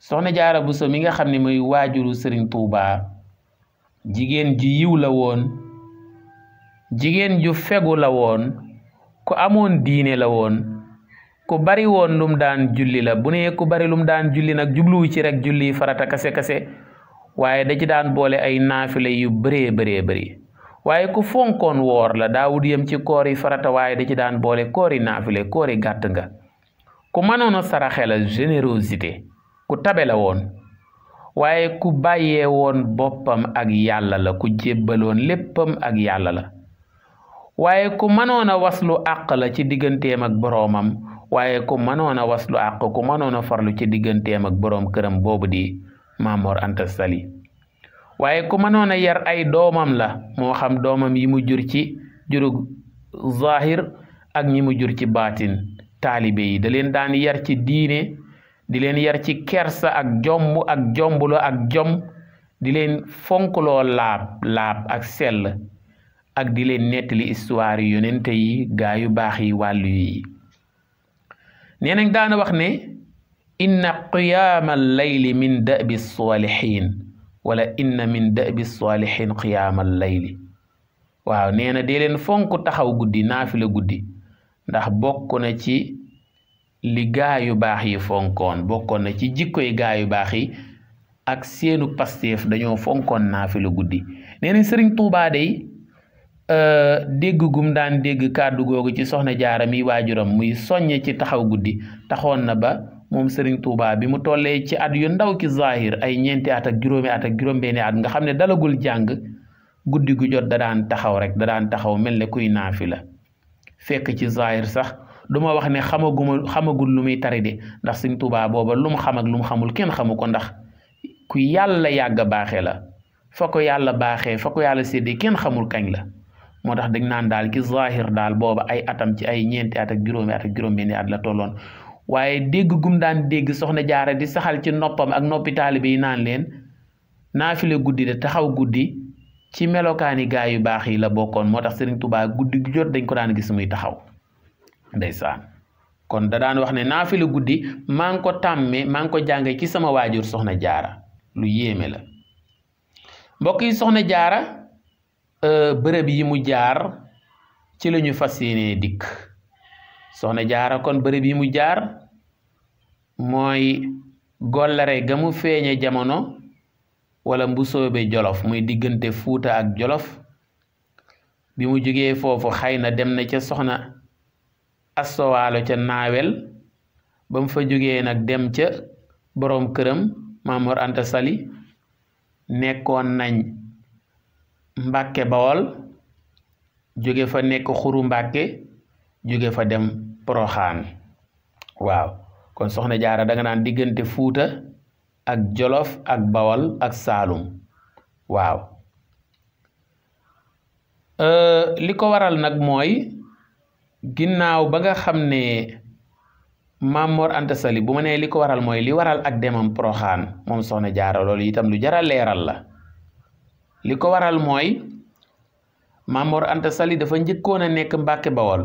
soxna Jaara Buso mi nga xam ne mooy waajuru sëriñ Tuuba jigéen ju yiw la woon jigéen ju fegu la woon ku amoon diine la woon ku bari woon lum daan julli la bu nee ku bari lum daan julli nag jubluwu ci rek julli farata kase kase waaye da ci daan boole ay naafila yu bëree bëree bëri waaye ku fonkoon woor la daawud yem ci koori farata waaye da ci daan boole koori naafila koori gàtt nga ku mënoon a saraxe la générosité ku tabe la woon waaye ku bàyyee woon boppam ak yàlla la ku jébbaloon léppam ak yàlla la waaye ku mënoon waslu àq la ci digganteem ak boroomam waaye ku mënoon a waslu àq ku mënoon a farlu ci digganteem ak boroom këram boobu di Maamoor Anta Sali waaye ku mënoon a yar ay doomam la moo xam doomam yi mu jur ci jurug zahir ak ñi mu jur ci baatin taalibe yi da leen daan yar ci diine di leen yar ci kersa ak jomb ak jomblo ak jom di leen fonkloo laab laab ak sell ak dileen leen nettali histoire yonente yi gaayu baax yi wàllu yi nee nañ daana wax ne inna qiyaama allayli min dabi saalihin wala inna min dabi saalihin qiyaama allayli waaw nee na dee leen fonk taxaw guddi naafila guddi ndax bokk na ci li gaa baax yi fonkoon bokkoon na ci jikkoy gaa yu baax yi ak seenu pasteef dañoo fonkoon naafila guddi nee sëriñ Tuubaa day Euh, dégg gum daan dégg kàddu googu ci soxna jaara mi waajuram muy soññe ci taxaw guddi taxoon na ba moom Serigne Touba bi mu tollee ci at yu ndaw ki zahir ay ñeenti at ak juróomi at ak juróom-benni at nga xam ne dalagul jàng guddi gu jot da daan taxaw rek da daan taxaw mel ne kuy la fekk ci zahir sax du ma wax ne xamaguma xamagul lu muy tari de ndax Serigne Touba booba lu mu xam ak lu mu xamul kenn xamu ko ndax ku yàlla yàgg baaxe la fa ko yàlla baaxee fa ko yàlla séddee kenn xamul kañ la. moo tax dañ naan daal ki zahir daal booba ay atam ci ay ñeenti at ak juróomi at ak juróom la tolloon waaye dégg gum daan dégg soxna jaara di saxal ci noppam ak noppi taalibe yi naan leen naa naafile guddi de taxaw guddi ci melokaani gaa yu baax yi la bokkoon moo tax Serigne Touba guddi gu jot dañ ko daan gis muy taxaw ndeysaan kon da daan wax ne naa naafile guddi maa ngi ko tàmmee maa ngi ko jàngee ci sama waajur soxna jaara lu yéeme la mbokk soxna jaara Euh, bërëb yi mu jaar ci lañu ñu fas yéenee dikk soxna jaara kon bërëb yi mu jaar mooy gollare ga mu feeñe jamono wala mbusoobe jolof muy diggante fuuta ak jolof bi mu jógee foofu xay na dem na ca soxna astowaalo ca naawel ba fa jógee nag dem ca boroom këram Maam Mor Anta Sali nekkoon nañ mbàkke bawol jóge fa nekk xuru mbàkke jóge fa dem poroxaan waaw kon soxna jaara danga nga naan diggante fuuta ak jolof ak bawol ak saalum waaw li ko waral nag mooy ginnaaw ba nga xam ne Maam Mor Anta Sali bu ma nee li ko waral mooy li waral ak demam poroxaan moom soxna jaara loolu itam lu jara leeral la li ko waral mooy Maam Mor Anta Sali dafa njëkkoon a nekk Mbàkke Bawol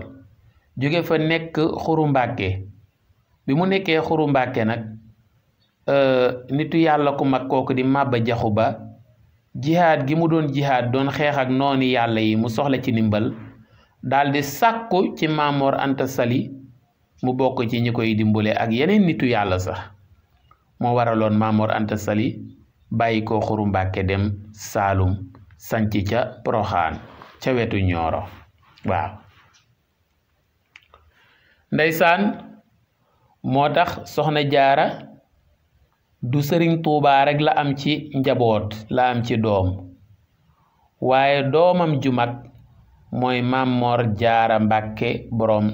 jóge fa nekk xuru Mbàkke bi mu nekkee xuru Mbàkke nag euh, nitu yàlla ku mag kooku di Màbba Jaxu Ba jihaad gi mu doon jihaad doon xeex ak noonu yàlla yi mu soxla ci ndimbal daldi di sàkku ci Maam Mor Anta Sali mu bokk ci ñi koy dimbale ak yeneen nitu yàlla sax moo waraloon Maam Mor Anta Sali bàyyi ko xuru mbàkke dem saalum sanc ca poroxaan ca wetu ñooro waaw ndeysaan moo tax soxna jaara du sëriñ tuuba rek la am ci njaboot la am ci doom waaye doomam ju mag mooy Mamor jaara mbàkke boroom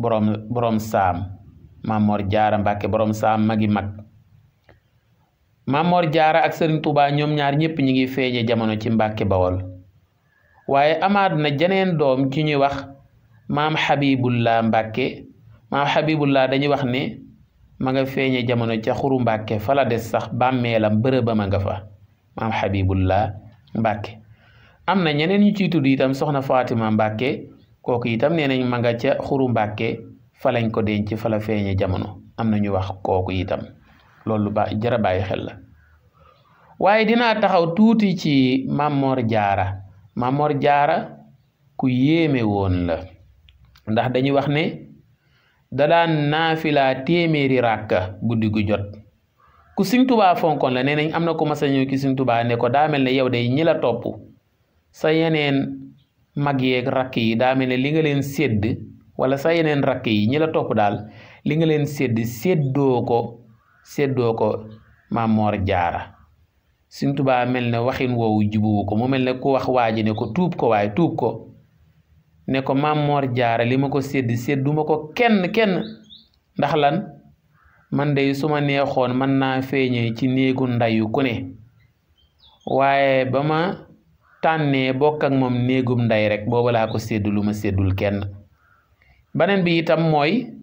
boroom boroom saam Mamor jaara mbàkke boroom saam magi mag Mamor Jaara ak Serigne Touba ñoom ñaar ñëpp ñi ngi feeñe jamono ci Mbàkke Bawol waaye amaat na jeneen doom ci ñuy wax maam Xabibullaa Mbàkke maam Xabibullaa dañuy wax ne ma nga feeñe jamono ca xuru Mbàkke fa des sax bàmmeelam bërëbam a nga fa maam Xabibullaa Mbàkke am na ñeneen ñu ciy tudd itam soxna Fatima Mbàkke kooku itam nee nañ ma nga ca xuru Mbàkke falañ ko denc fa la feeñe jamono am na ñu wax kooku itam loolu ba jara bàyyi xel la waaye dinaa taxaw tuuti ci Mamor Jaara Mamor Jaara ku yéeme woon la ndax dañuy wax ne da daan naafila téeméeri ràkka guddi gu jot ku Sëñ Tuubaa fonkoon la nee nañ am na ko mas a ñëw ki Sëñ Tuubaa ne ko daa mel ne yow day ñi la topp sa yeneen mag yeeg rakk yi daa mel ne li nga leen sedd wala sa yeneen rakk yi ñi la topp daal li nga leen sedd séddoo ko seddoo ko maam Moor Jaara Sëñ mel ne waxin woowu jibuwu ko mu mel ne ku wax waa ji ne ko tuub ko waaye tuub ko ne ko maam Moor Jaara li ma ko sedd sédduma ko kenn kenn ndax lan man de su ma neexoon mën naa feeñee ci néegu ndayu ku ne waaye ba ma tànnee bokk ak moom néegum nday rek booba laa ko sedd lu ma séddul kenn beneen bi itam mooy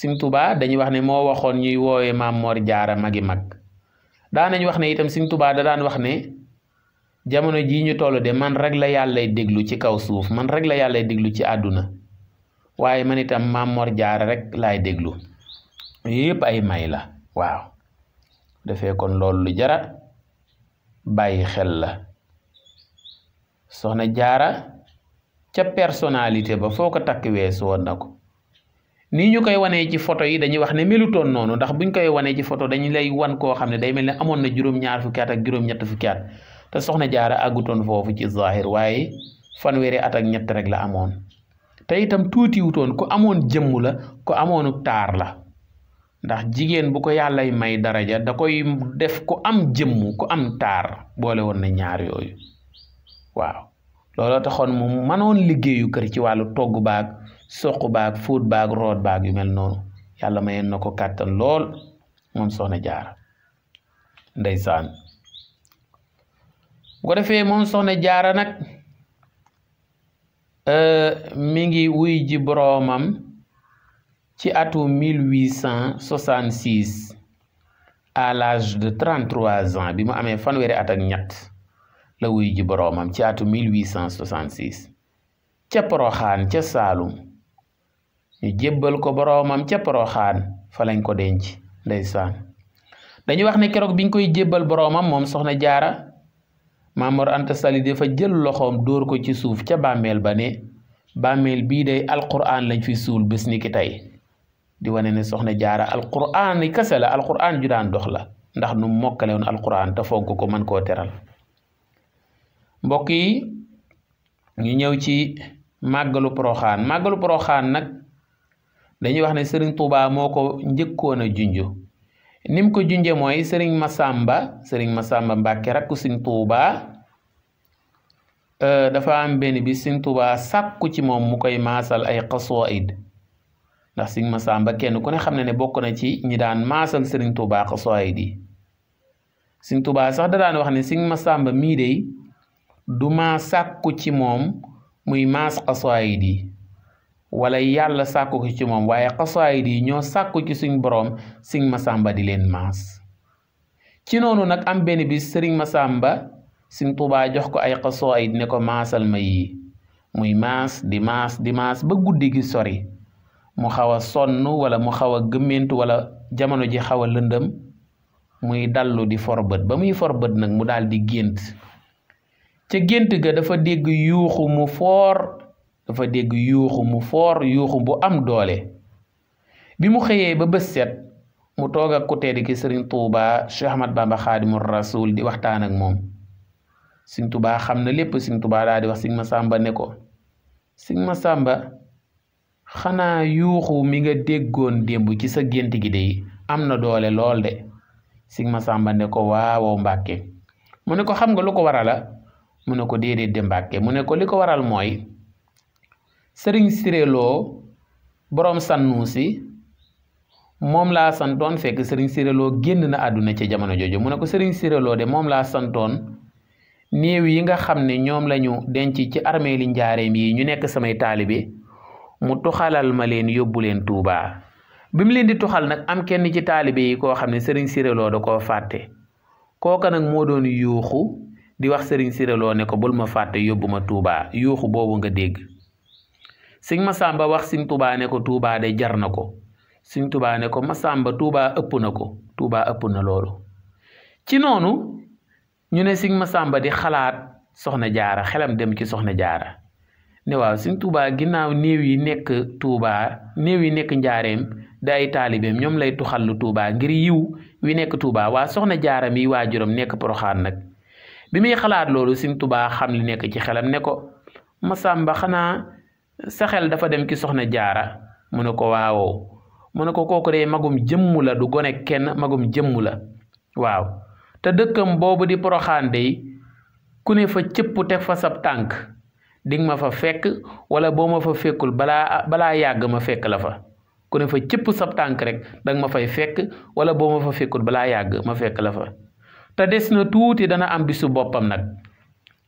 Sëñ Tuubaa dañuy wax ne moo waxoon ñuy woowee Maam Moor Jaara magi mag daanañ wax ne itam Sëñ Tuubaa da daan wax ne jamono jii ñu toll de man rek la yàllay déglu ci kaw suuf man rek la yàllay déglu ci àdduna waaye man itam Maam Moor Jaara rek lay déglu yëpp ay may la waaw defee kon loolu lu jara bayyi xel la soxna jaara ca personnalité ba foo ko takk wee soo na ko nii ñu koy wanee ci photo yi dañuy wax ne melutoon noonu ndax buñ koy wanee ci photo dañu lay wan koo xam ne day mel ne amoon na juróom-ñaar fukki at ak juróom-ñett fukki at te soxna jaara àggutoon foofu ci zahir waaye fanweeri at ñett rek la amoon te itam tuuti wutoon ku amoon jëmm la ku amoonu taar la ndax jigéen bu ko yàllay may daraja da koy def ku am jëmm ku am taar boole woon na ñaar yooyu waaw looloo taxoon mu mënoon liggéeyu kër ci wàllu togg soq baag fuut baag root baag yu mel noonu yàlla mayoon na ko kàttan lool moom soxna jaara ndeysaan bu ko defee moom soxna jaara nag euh, mi ngi wuy ji boroomam ci atum 1866 à l'âge de 33 ans bi mu amee fanweeri at ñett la wuy ji boroomam ci atum 1866 ca Poroxaan ca Saalum ñu jébbal ko boroomam ca poroxaan fa lañ ko denc ndeysaan dañuy wax ne keroog biñ koy jébbal boroomam moom soxna jaara Maamor Anta Sali dafa jël loxoom dóor ko ci suuf ca bàmmeel ba ne bàmmeel bii day alquraan lañ fi suul bés ni ki tey di wane ne soxna jaara alquraan yi kese la alquraan ju daan dox la ndax nu mokkale woon alquraan te fonk ko mën koo teral mbokk yi ñu ñëw ci màggalu poroxaan màggalu poroxaan nag dañuy wax ne sëriñ Touba moo ko njëkkoon a junj ni ko junje mooy sëriñ Masamba sëriñ Masamba Mbàkke rakku sëriñ Touba euh, dafa am benn bi sëriñ Touba sàkku ci moom mu koy maasal ay xasooid ndax sëriñ Masamba kenn ku ne xam ne ne bokk na ci ñi daan maasal sëriñ Touba xasooid yi sëriñ Touba sax da daan wax ne sëriñ Masamba mii dey du maa sàkku ci moom muy maas xasooid yi wala yàlla sàkku ko ci moom waaye xasaayid yi ñoo sàkku ci suñ boroom sëriñ Masamba di leen maas ci noonu nag am benn bis sëriñ Masamba siñ Tuubaa jox ko ay xasaayid ne ko maasal ma yii muy maas di maas di maas ba guddi gi sori mu xaw a sonn wala mu xaw a gëmmentu wala jamono ji xaw a lëndëm muy dallu di forbët ba muy forbët nag mu daal di gént ca gént ga dafa dégg yuuxu mu foor fa dégg yuuxu mu foor yuuxu bu am doole bi mu xëyee ba bés set mu toog ak ku tedd ki sëriñ Tuubaa Cheikh Ahmad Xaadimu Rasuul di waxtaan ak moom sëriñ Tuubaa xam na lépp sëriñ Tuubaa wax sëriñ Masàmba ne ko sëriñ Masàmba xanaa yuuxu mi nga déggoon démb ci sa gént gi de am na doole lool de sëriñ Masàmba ne ko waaw Mbàkke mu ne ko xam nga lu ko warala mu ne ko déedéet de Mbàkke mu ne ko li ko waral mooy sëriñ siréloo boroom sannuusi moom laa santoon fekk sëriñ siréloo génn na àdduna ci jamono jooju mu ne ko sëriñ siréloo de moom laa santoon néew yi nga xam ne ñoom lañu denc ci armée li njaareem yi ñu nekk samay taalibe mu tuxalal ma leen yóbbu leen tuubaa bi mu leen di tuxal nag am kenn ci taalibe yi koo xam ne sëriñ siréloo da koo fàtte kooka nag moo doon yuuxu di wax sëriñ siréloo ne ko bul ma fàtte yóbbu ma tuubaa yuuxu boobu nga dégg sëñ Masamba wax sëñ Tuubaa ne ko Tuubaa de jar na ko sëñ Tuubaa ne ko Masamba Tuubaa ëpp na ko Tuubaa ëpp na loolu ci noonu ñu ne sëñ Masamba di xalaat soxna jaara xelam dem ci soxna jaara ne waaw sëñ Tuubaa ginnaaw néew yi nekk Tuubaa néew yi nekk njaareem day taalibeem ñoom lay tuxallu Tuubaa ngir yiw wi nekk Tuubaa waa soxna jaara mi waajuram nekk Poroxaan nag bi muy xalaat loolu sëñ Tuubaa xam li nekk ci xelam ne ko Masamba xanaa sa xel dafa dem ci soxna jaara mu ne ko waawoo mu ne ko kooku dee magum jëmm la du gone kenn magum jëmm la waaw te dëkkam boobu di poroxaan dey ku ne fa cëpp te fa sab tànk dinga ma fa fekk wala boo ma fa fekkul balaa balaa yàgg ma fekk la fa ku ne fa cëpp sab tànk rek danga ma fay fekk wala boo ma fa fekkul balaa yàgg ma fekk la fa te des na tuuti dana am bisu boppam nag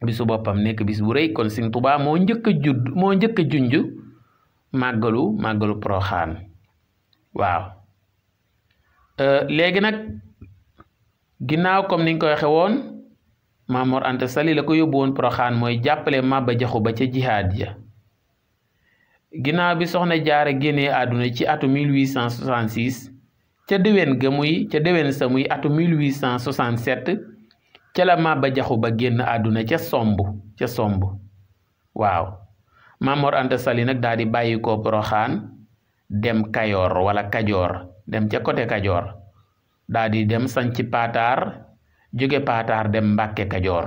bisu boppam nekk bis bu rëy kon Sëñ moo njëkk a judd moo njëkk a junj màggalu màggalu Poroxaan waaw euh, léegi nag ginnaaw comme niñ koy waxe woon Maam Mor Anta Sali la ko yóbbu woon Poroxaan mooy jàppale màbba Jaxu Ba ca jihaad ya ginnaaw bi soxna jaar a génnee àdduna ci atu 1866 ca déwén ga muy ca déwén sa muy atu 1867 ca ba Jaxu Ba génn àdduna ca somb ca somb waaw Mamor Anta Sali nag daal di bàyyi ko Poroxaan dem Kayoor wala Kajoor dem ca côté Kajoor daal di dem sanc Paataar jóge Paataar dem Mbàkke Kajoor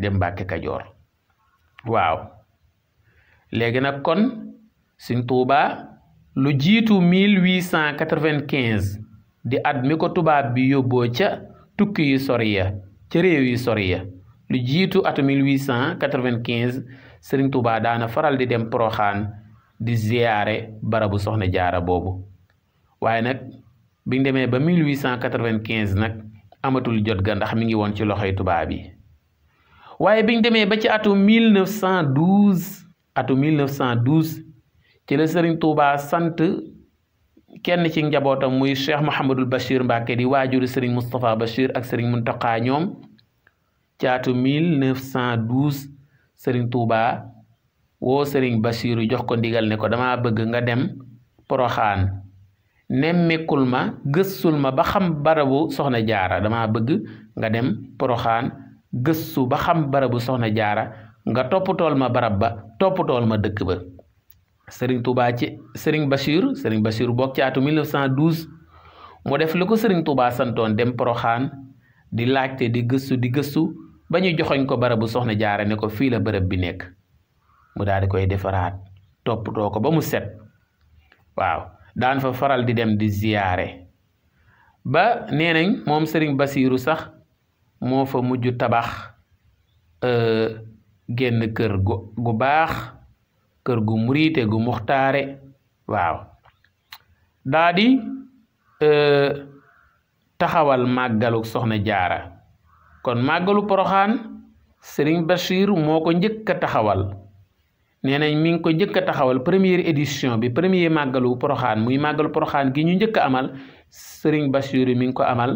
dem Mbàkke Kajoor waaw léegi nag kon Sëñ Tuuba lu jiitu 1895 di at mi ko tubaab bi yóbboo ca tukkiyu yu ca réew yi sori ya lu jiitu atum 1895 Serigne Touba daana faral di dem Poroxaan di ziyaare barabu soxna jaara boobu waaye nag biñ demee ba 1895 nag amatul jot ga ndax mi ngi woon ci loxoy tubaab yi waaye biñ demee ba ci atum 1912 atum Touba sant. kenn ci njabootam muy cheikh Mouhamadul Bachir Mbacke di waajuri Serigne Moustapha Bachir ak Serigne Mountakha ñoom caatu 1912 Serigne Touba woo Serigne Bachir jox ko ndigal ne ko dama bëgg nga dem Poroxaan nemmikul ma gëstul ma ba xam barabu soxna jaara dama bëgg nga dem Poroxaan gëstu ba xam barabu soxna jaara nga toppatool ma barab ba toppatool ma dëkk ba. Serigne Touba ci Serigne Bachir Serigne Bachir bokk ci atu 1912 mu def lu ko Serigne Touba santoon dem Poroxaan di laajte di gëstu di gëstu ba ñu joxoñ ko barabu soxna jaare ne ko fii la bërëb bi nekk mu daal di koy defaraat toppatoo ko ba mu set waaw daan fa faral di dem di ziyaare ba nee moom Serigne Basiiru sax moo fa mujj tabax euh, génn kër gu gu baax kër gu muriite gu muxtaare waaw daadi di euh, taxawal màggalu soxna jaara kon màggalu poroxaan Serigne Bachir moo ko njëkk a taxawal nee nañ mi ngi ko njëkk taxawal première édition bi premier màggalu poroxaan muy màggalu poroxaan gi ñu njëkk amal Serigne Bachir mi ngi ko amal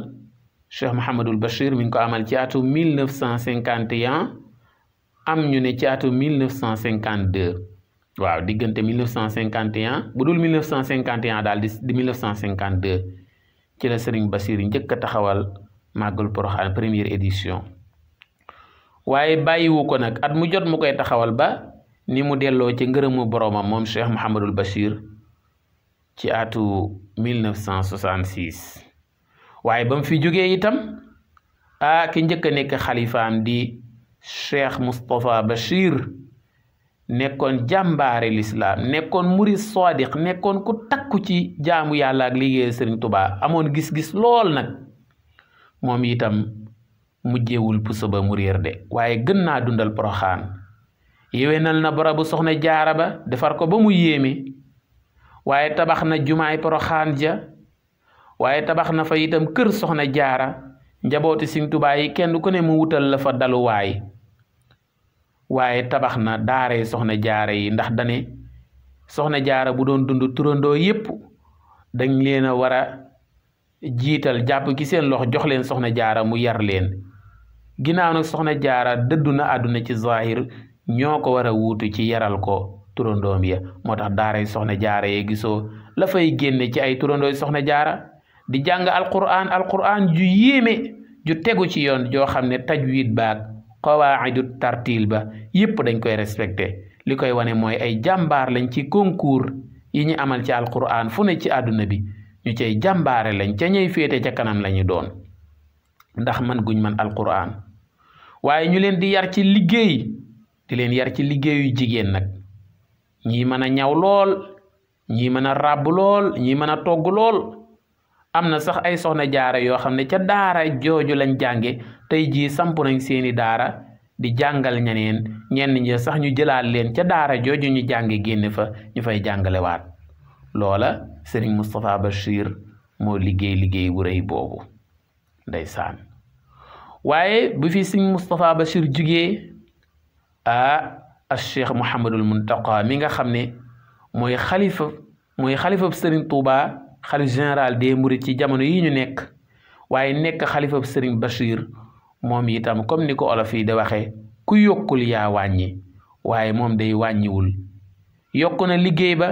Cheikh Mouhamadul Bachir mi ngi ko amal ci mille atum 1951 am ñu ne ci atum 1952 waaw diggante 1951 bu dul 1951 daal di 1952 ci la Serigne Bassir njëkk a taxawal màggal Porokhane première édition waaye bàyyiwu ko nag at mu jot mu koy taxawal ba ni mu delloo ci ngërëmu boromam moom Cheikh Mouhamadul Bachir ci atu 1966 waaye ba mu fi jóge itam ah ki njëkk a nekk xalifaam di Cheikh Moustapha Bachir. nekkoon jàmbaare lislaam nekkoon murid sadiq nekkoon ku takku ci jaamu yàlla ak liggéeyal sëriñ tubaa amoon gis-gis lool nag moom itam mujjewul puso ba mu réer de waaye gën naa dundal poroxaan yéwénal na barabu soxna jaara ba defar ko ba mu yéeme waaye tabax na jumaay poroxaan ja waaye tabax na fa itam kër soxna jaara njabooti sëriñ yi kenn ku ne mu wutal la fa daluwaay waaye tabax na daaray soxna jaara yi ndax dane soxna jaara bu doon dund turandoo yépp dañ leen a war a jiital jàpp ci seen loxo jox leen soxna jaara mu yar leen ginnaaw nag soxna jaara dëddu na àdduna ci zahir ñoo ko war a wuutu ci yaral ko turandoom ya moo tax daaray soxna jaara yee gisoo la fay génne ci ay turandooy soxna jaara di jàng alquran alquran ju yéeme ju tegu ci yoon joo xam ne tajwid baag xawaayidu tartil ba yëpp dañ koy respecté li koy wane mooy ay jàmbaar lañ ci concours yi ñu amal ci alquran fu ne ci àdduna bi ñu cay jàmbaare lañ ca ñey féete ca kanam lañu doon ndax man guñ man alquran waaye ñu leen di yar ci liggéey di leen yar ci liggéeyu jigéen nag ñii mën a ñaw lool ñii mën a ràbb lool ñii mën a togg lool am na sax ay soxna jaara yoo xam ne ca daara jooju lañ jànge tey jii samp nañ seeni daara di jàngal ñeneen ñenn ñi sax ñu jëlaat leen ca daara jooju ñu jànge génne fa ñu fay jàngalewaat loola sëriñ Moustapha Bachir moo liggéey liggéey bu rëy boobu ndeysaan waaye bu fi sëriñ Moustapha Bachir jugee ah a cheikh mun Muntaqa mi nga xam ne mooy xalifa mooy xalifab sëriñ tuuba xalif général des mourides ci jamono yii ñu nekk waaye nekk xalifa sëriñ bashir moom itam comme ni ko olof yi di waxee ku yokkul yaa wàññi waaye moom day wàññiwul yokk na liggéey ba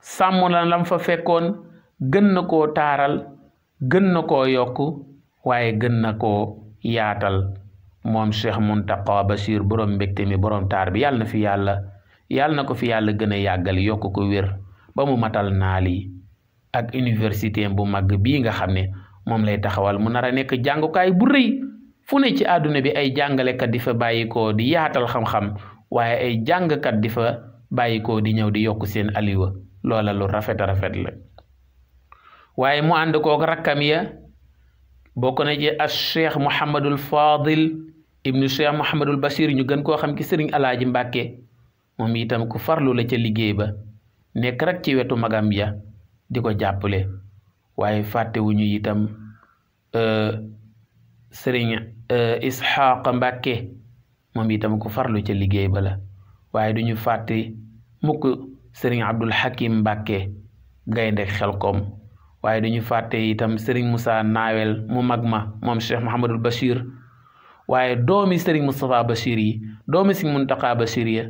sàmm na lam fa fekkoon gën na koo taaral gën na koo yokk waaye gën na koo yaatal moom Cheikh Mountakha Bachir borom mbégte mi borom taar bi yàlla na fi yàlla yàlla na ko fi yàlla gën a yàggal yokk ko wér ba mu matal naal yi ak université bu mag bi nga xam ne moom lay taxawal mu nar a nekk jàngukaay bu rëy fu ne ci àdduna bi ay jàngalekat di fa bàyyikoo di yaatal xam-xam waaye ay jàngkat di fa bàyyikoo di ñëw di yokk seen aliwa loola lu rafet rafet la waaye mu ànd kook rakkam ya bokk na ci as cheikh Mouhamadul Fadil ibnu cheikh Mouhamadul Bachir ñu gën koo xam ci sëriñ Alaaji Mbàkke moom itam ku farlu la ca liggéey ba nekk rek ci wetu magam ya di ko jàppale waaye fàttewuñu itam e, sëriñ e, Isxaaq Mbàkke moom itam ku farlu ca liggéey ba la waaye duñu fàtte mukk sëriñ Abdul Hakim Mbàkke gaynde Xelkom waaye duñu fàtte itam sëriñ Moussa Naawel mu mag ma moom Cheikh Mouhamadul Bachir waaye doomi sëriñ Moustapha yi doomi sëriñ Muntaqa Bachir ya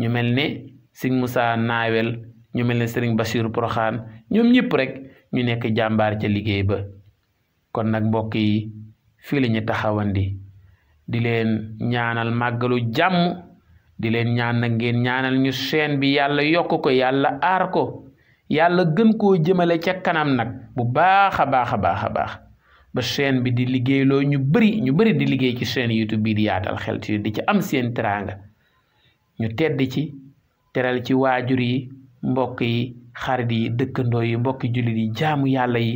ñu mel ne sëriñ Moussa Naawel ñu mel ne Serigne Bassirou Porokhane ñoom ñëpp rekk ñu nekk jàmbaar ca liggéey ba kon nag mbokk yi fii la ñu taxawandi di leen ñaanal màggalu jàmm di leen ñaan ngeen ñaanal ñu seen bi yàlla yokk ko yàlla aar ko yàlla gën koo jëmale ca kanam nag bu baax a baax a baax a baax ba chaîne bi di liggéeyloo ñu bëri ñu bari di liggéey ci seen YouTube bii yaatal xel ci di ci am seen teraanga ñu tedd ci teral ci waajur yi mbokk yi xarit yi dëkkandoo yi mbokki jullit yi jaamu yàlla yi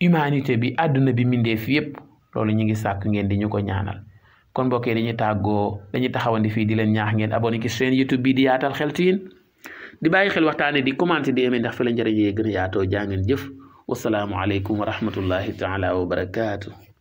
humanité bi àdduna bi mindeef yépp loolu ñu ngi sàkk ngeen di ñu ko ñaanal kon mbokk yi dañuy tàggoo dañuy taxawandi fii di leen ñaax ngeen abonné ci seen YouTube bi di yaatal xeltiin di bàyyi xel waxtaane di commenté di aimé ndax fi la njëriñ yee gën a yaatoo jaa ngeen jëf wasalaamualeykum wa rahmatullahi taala wa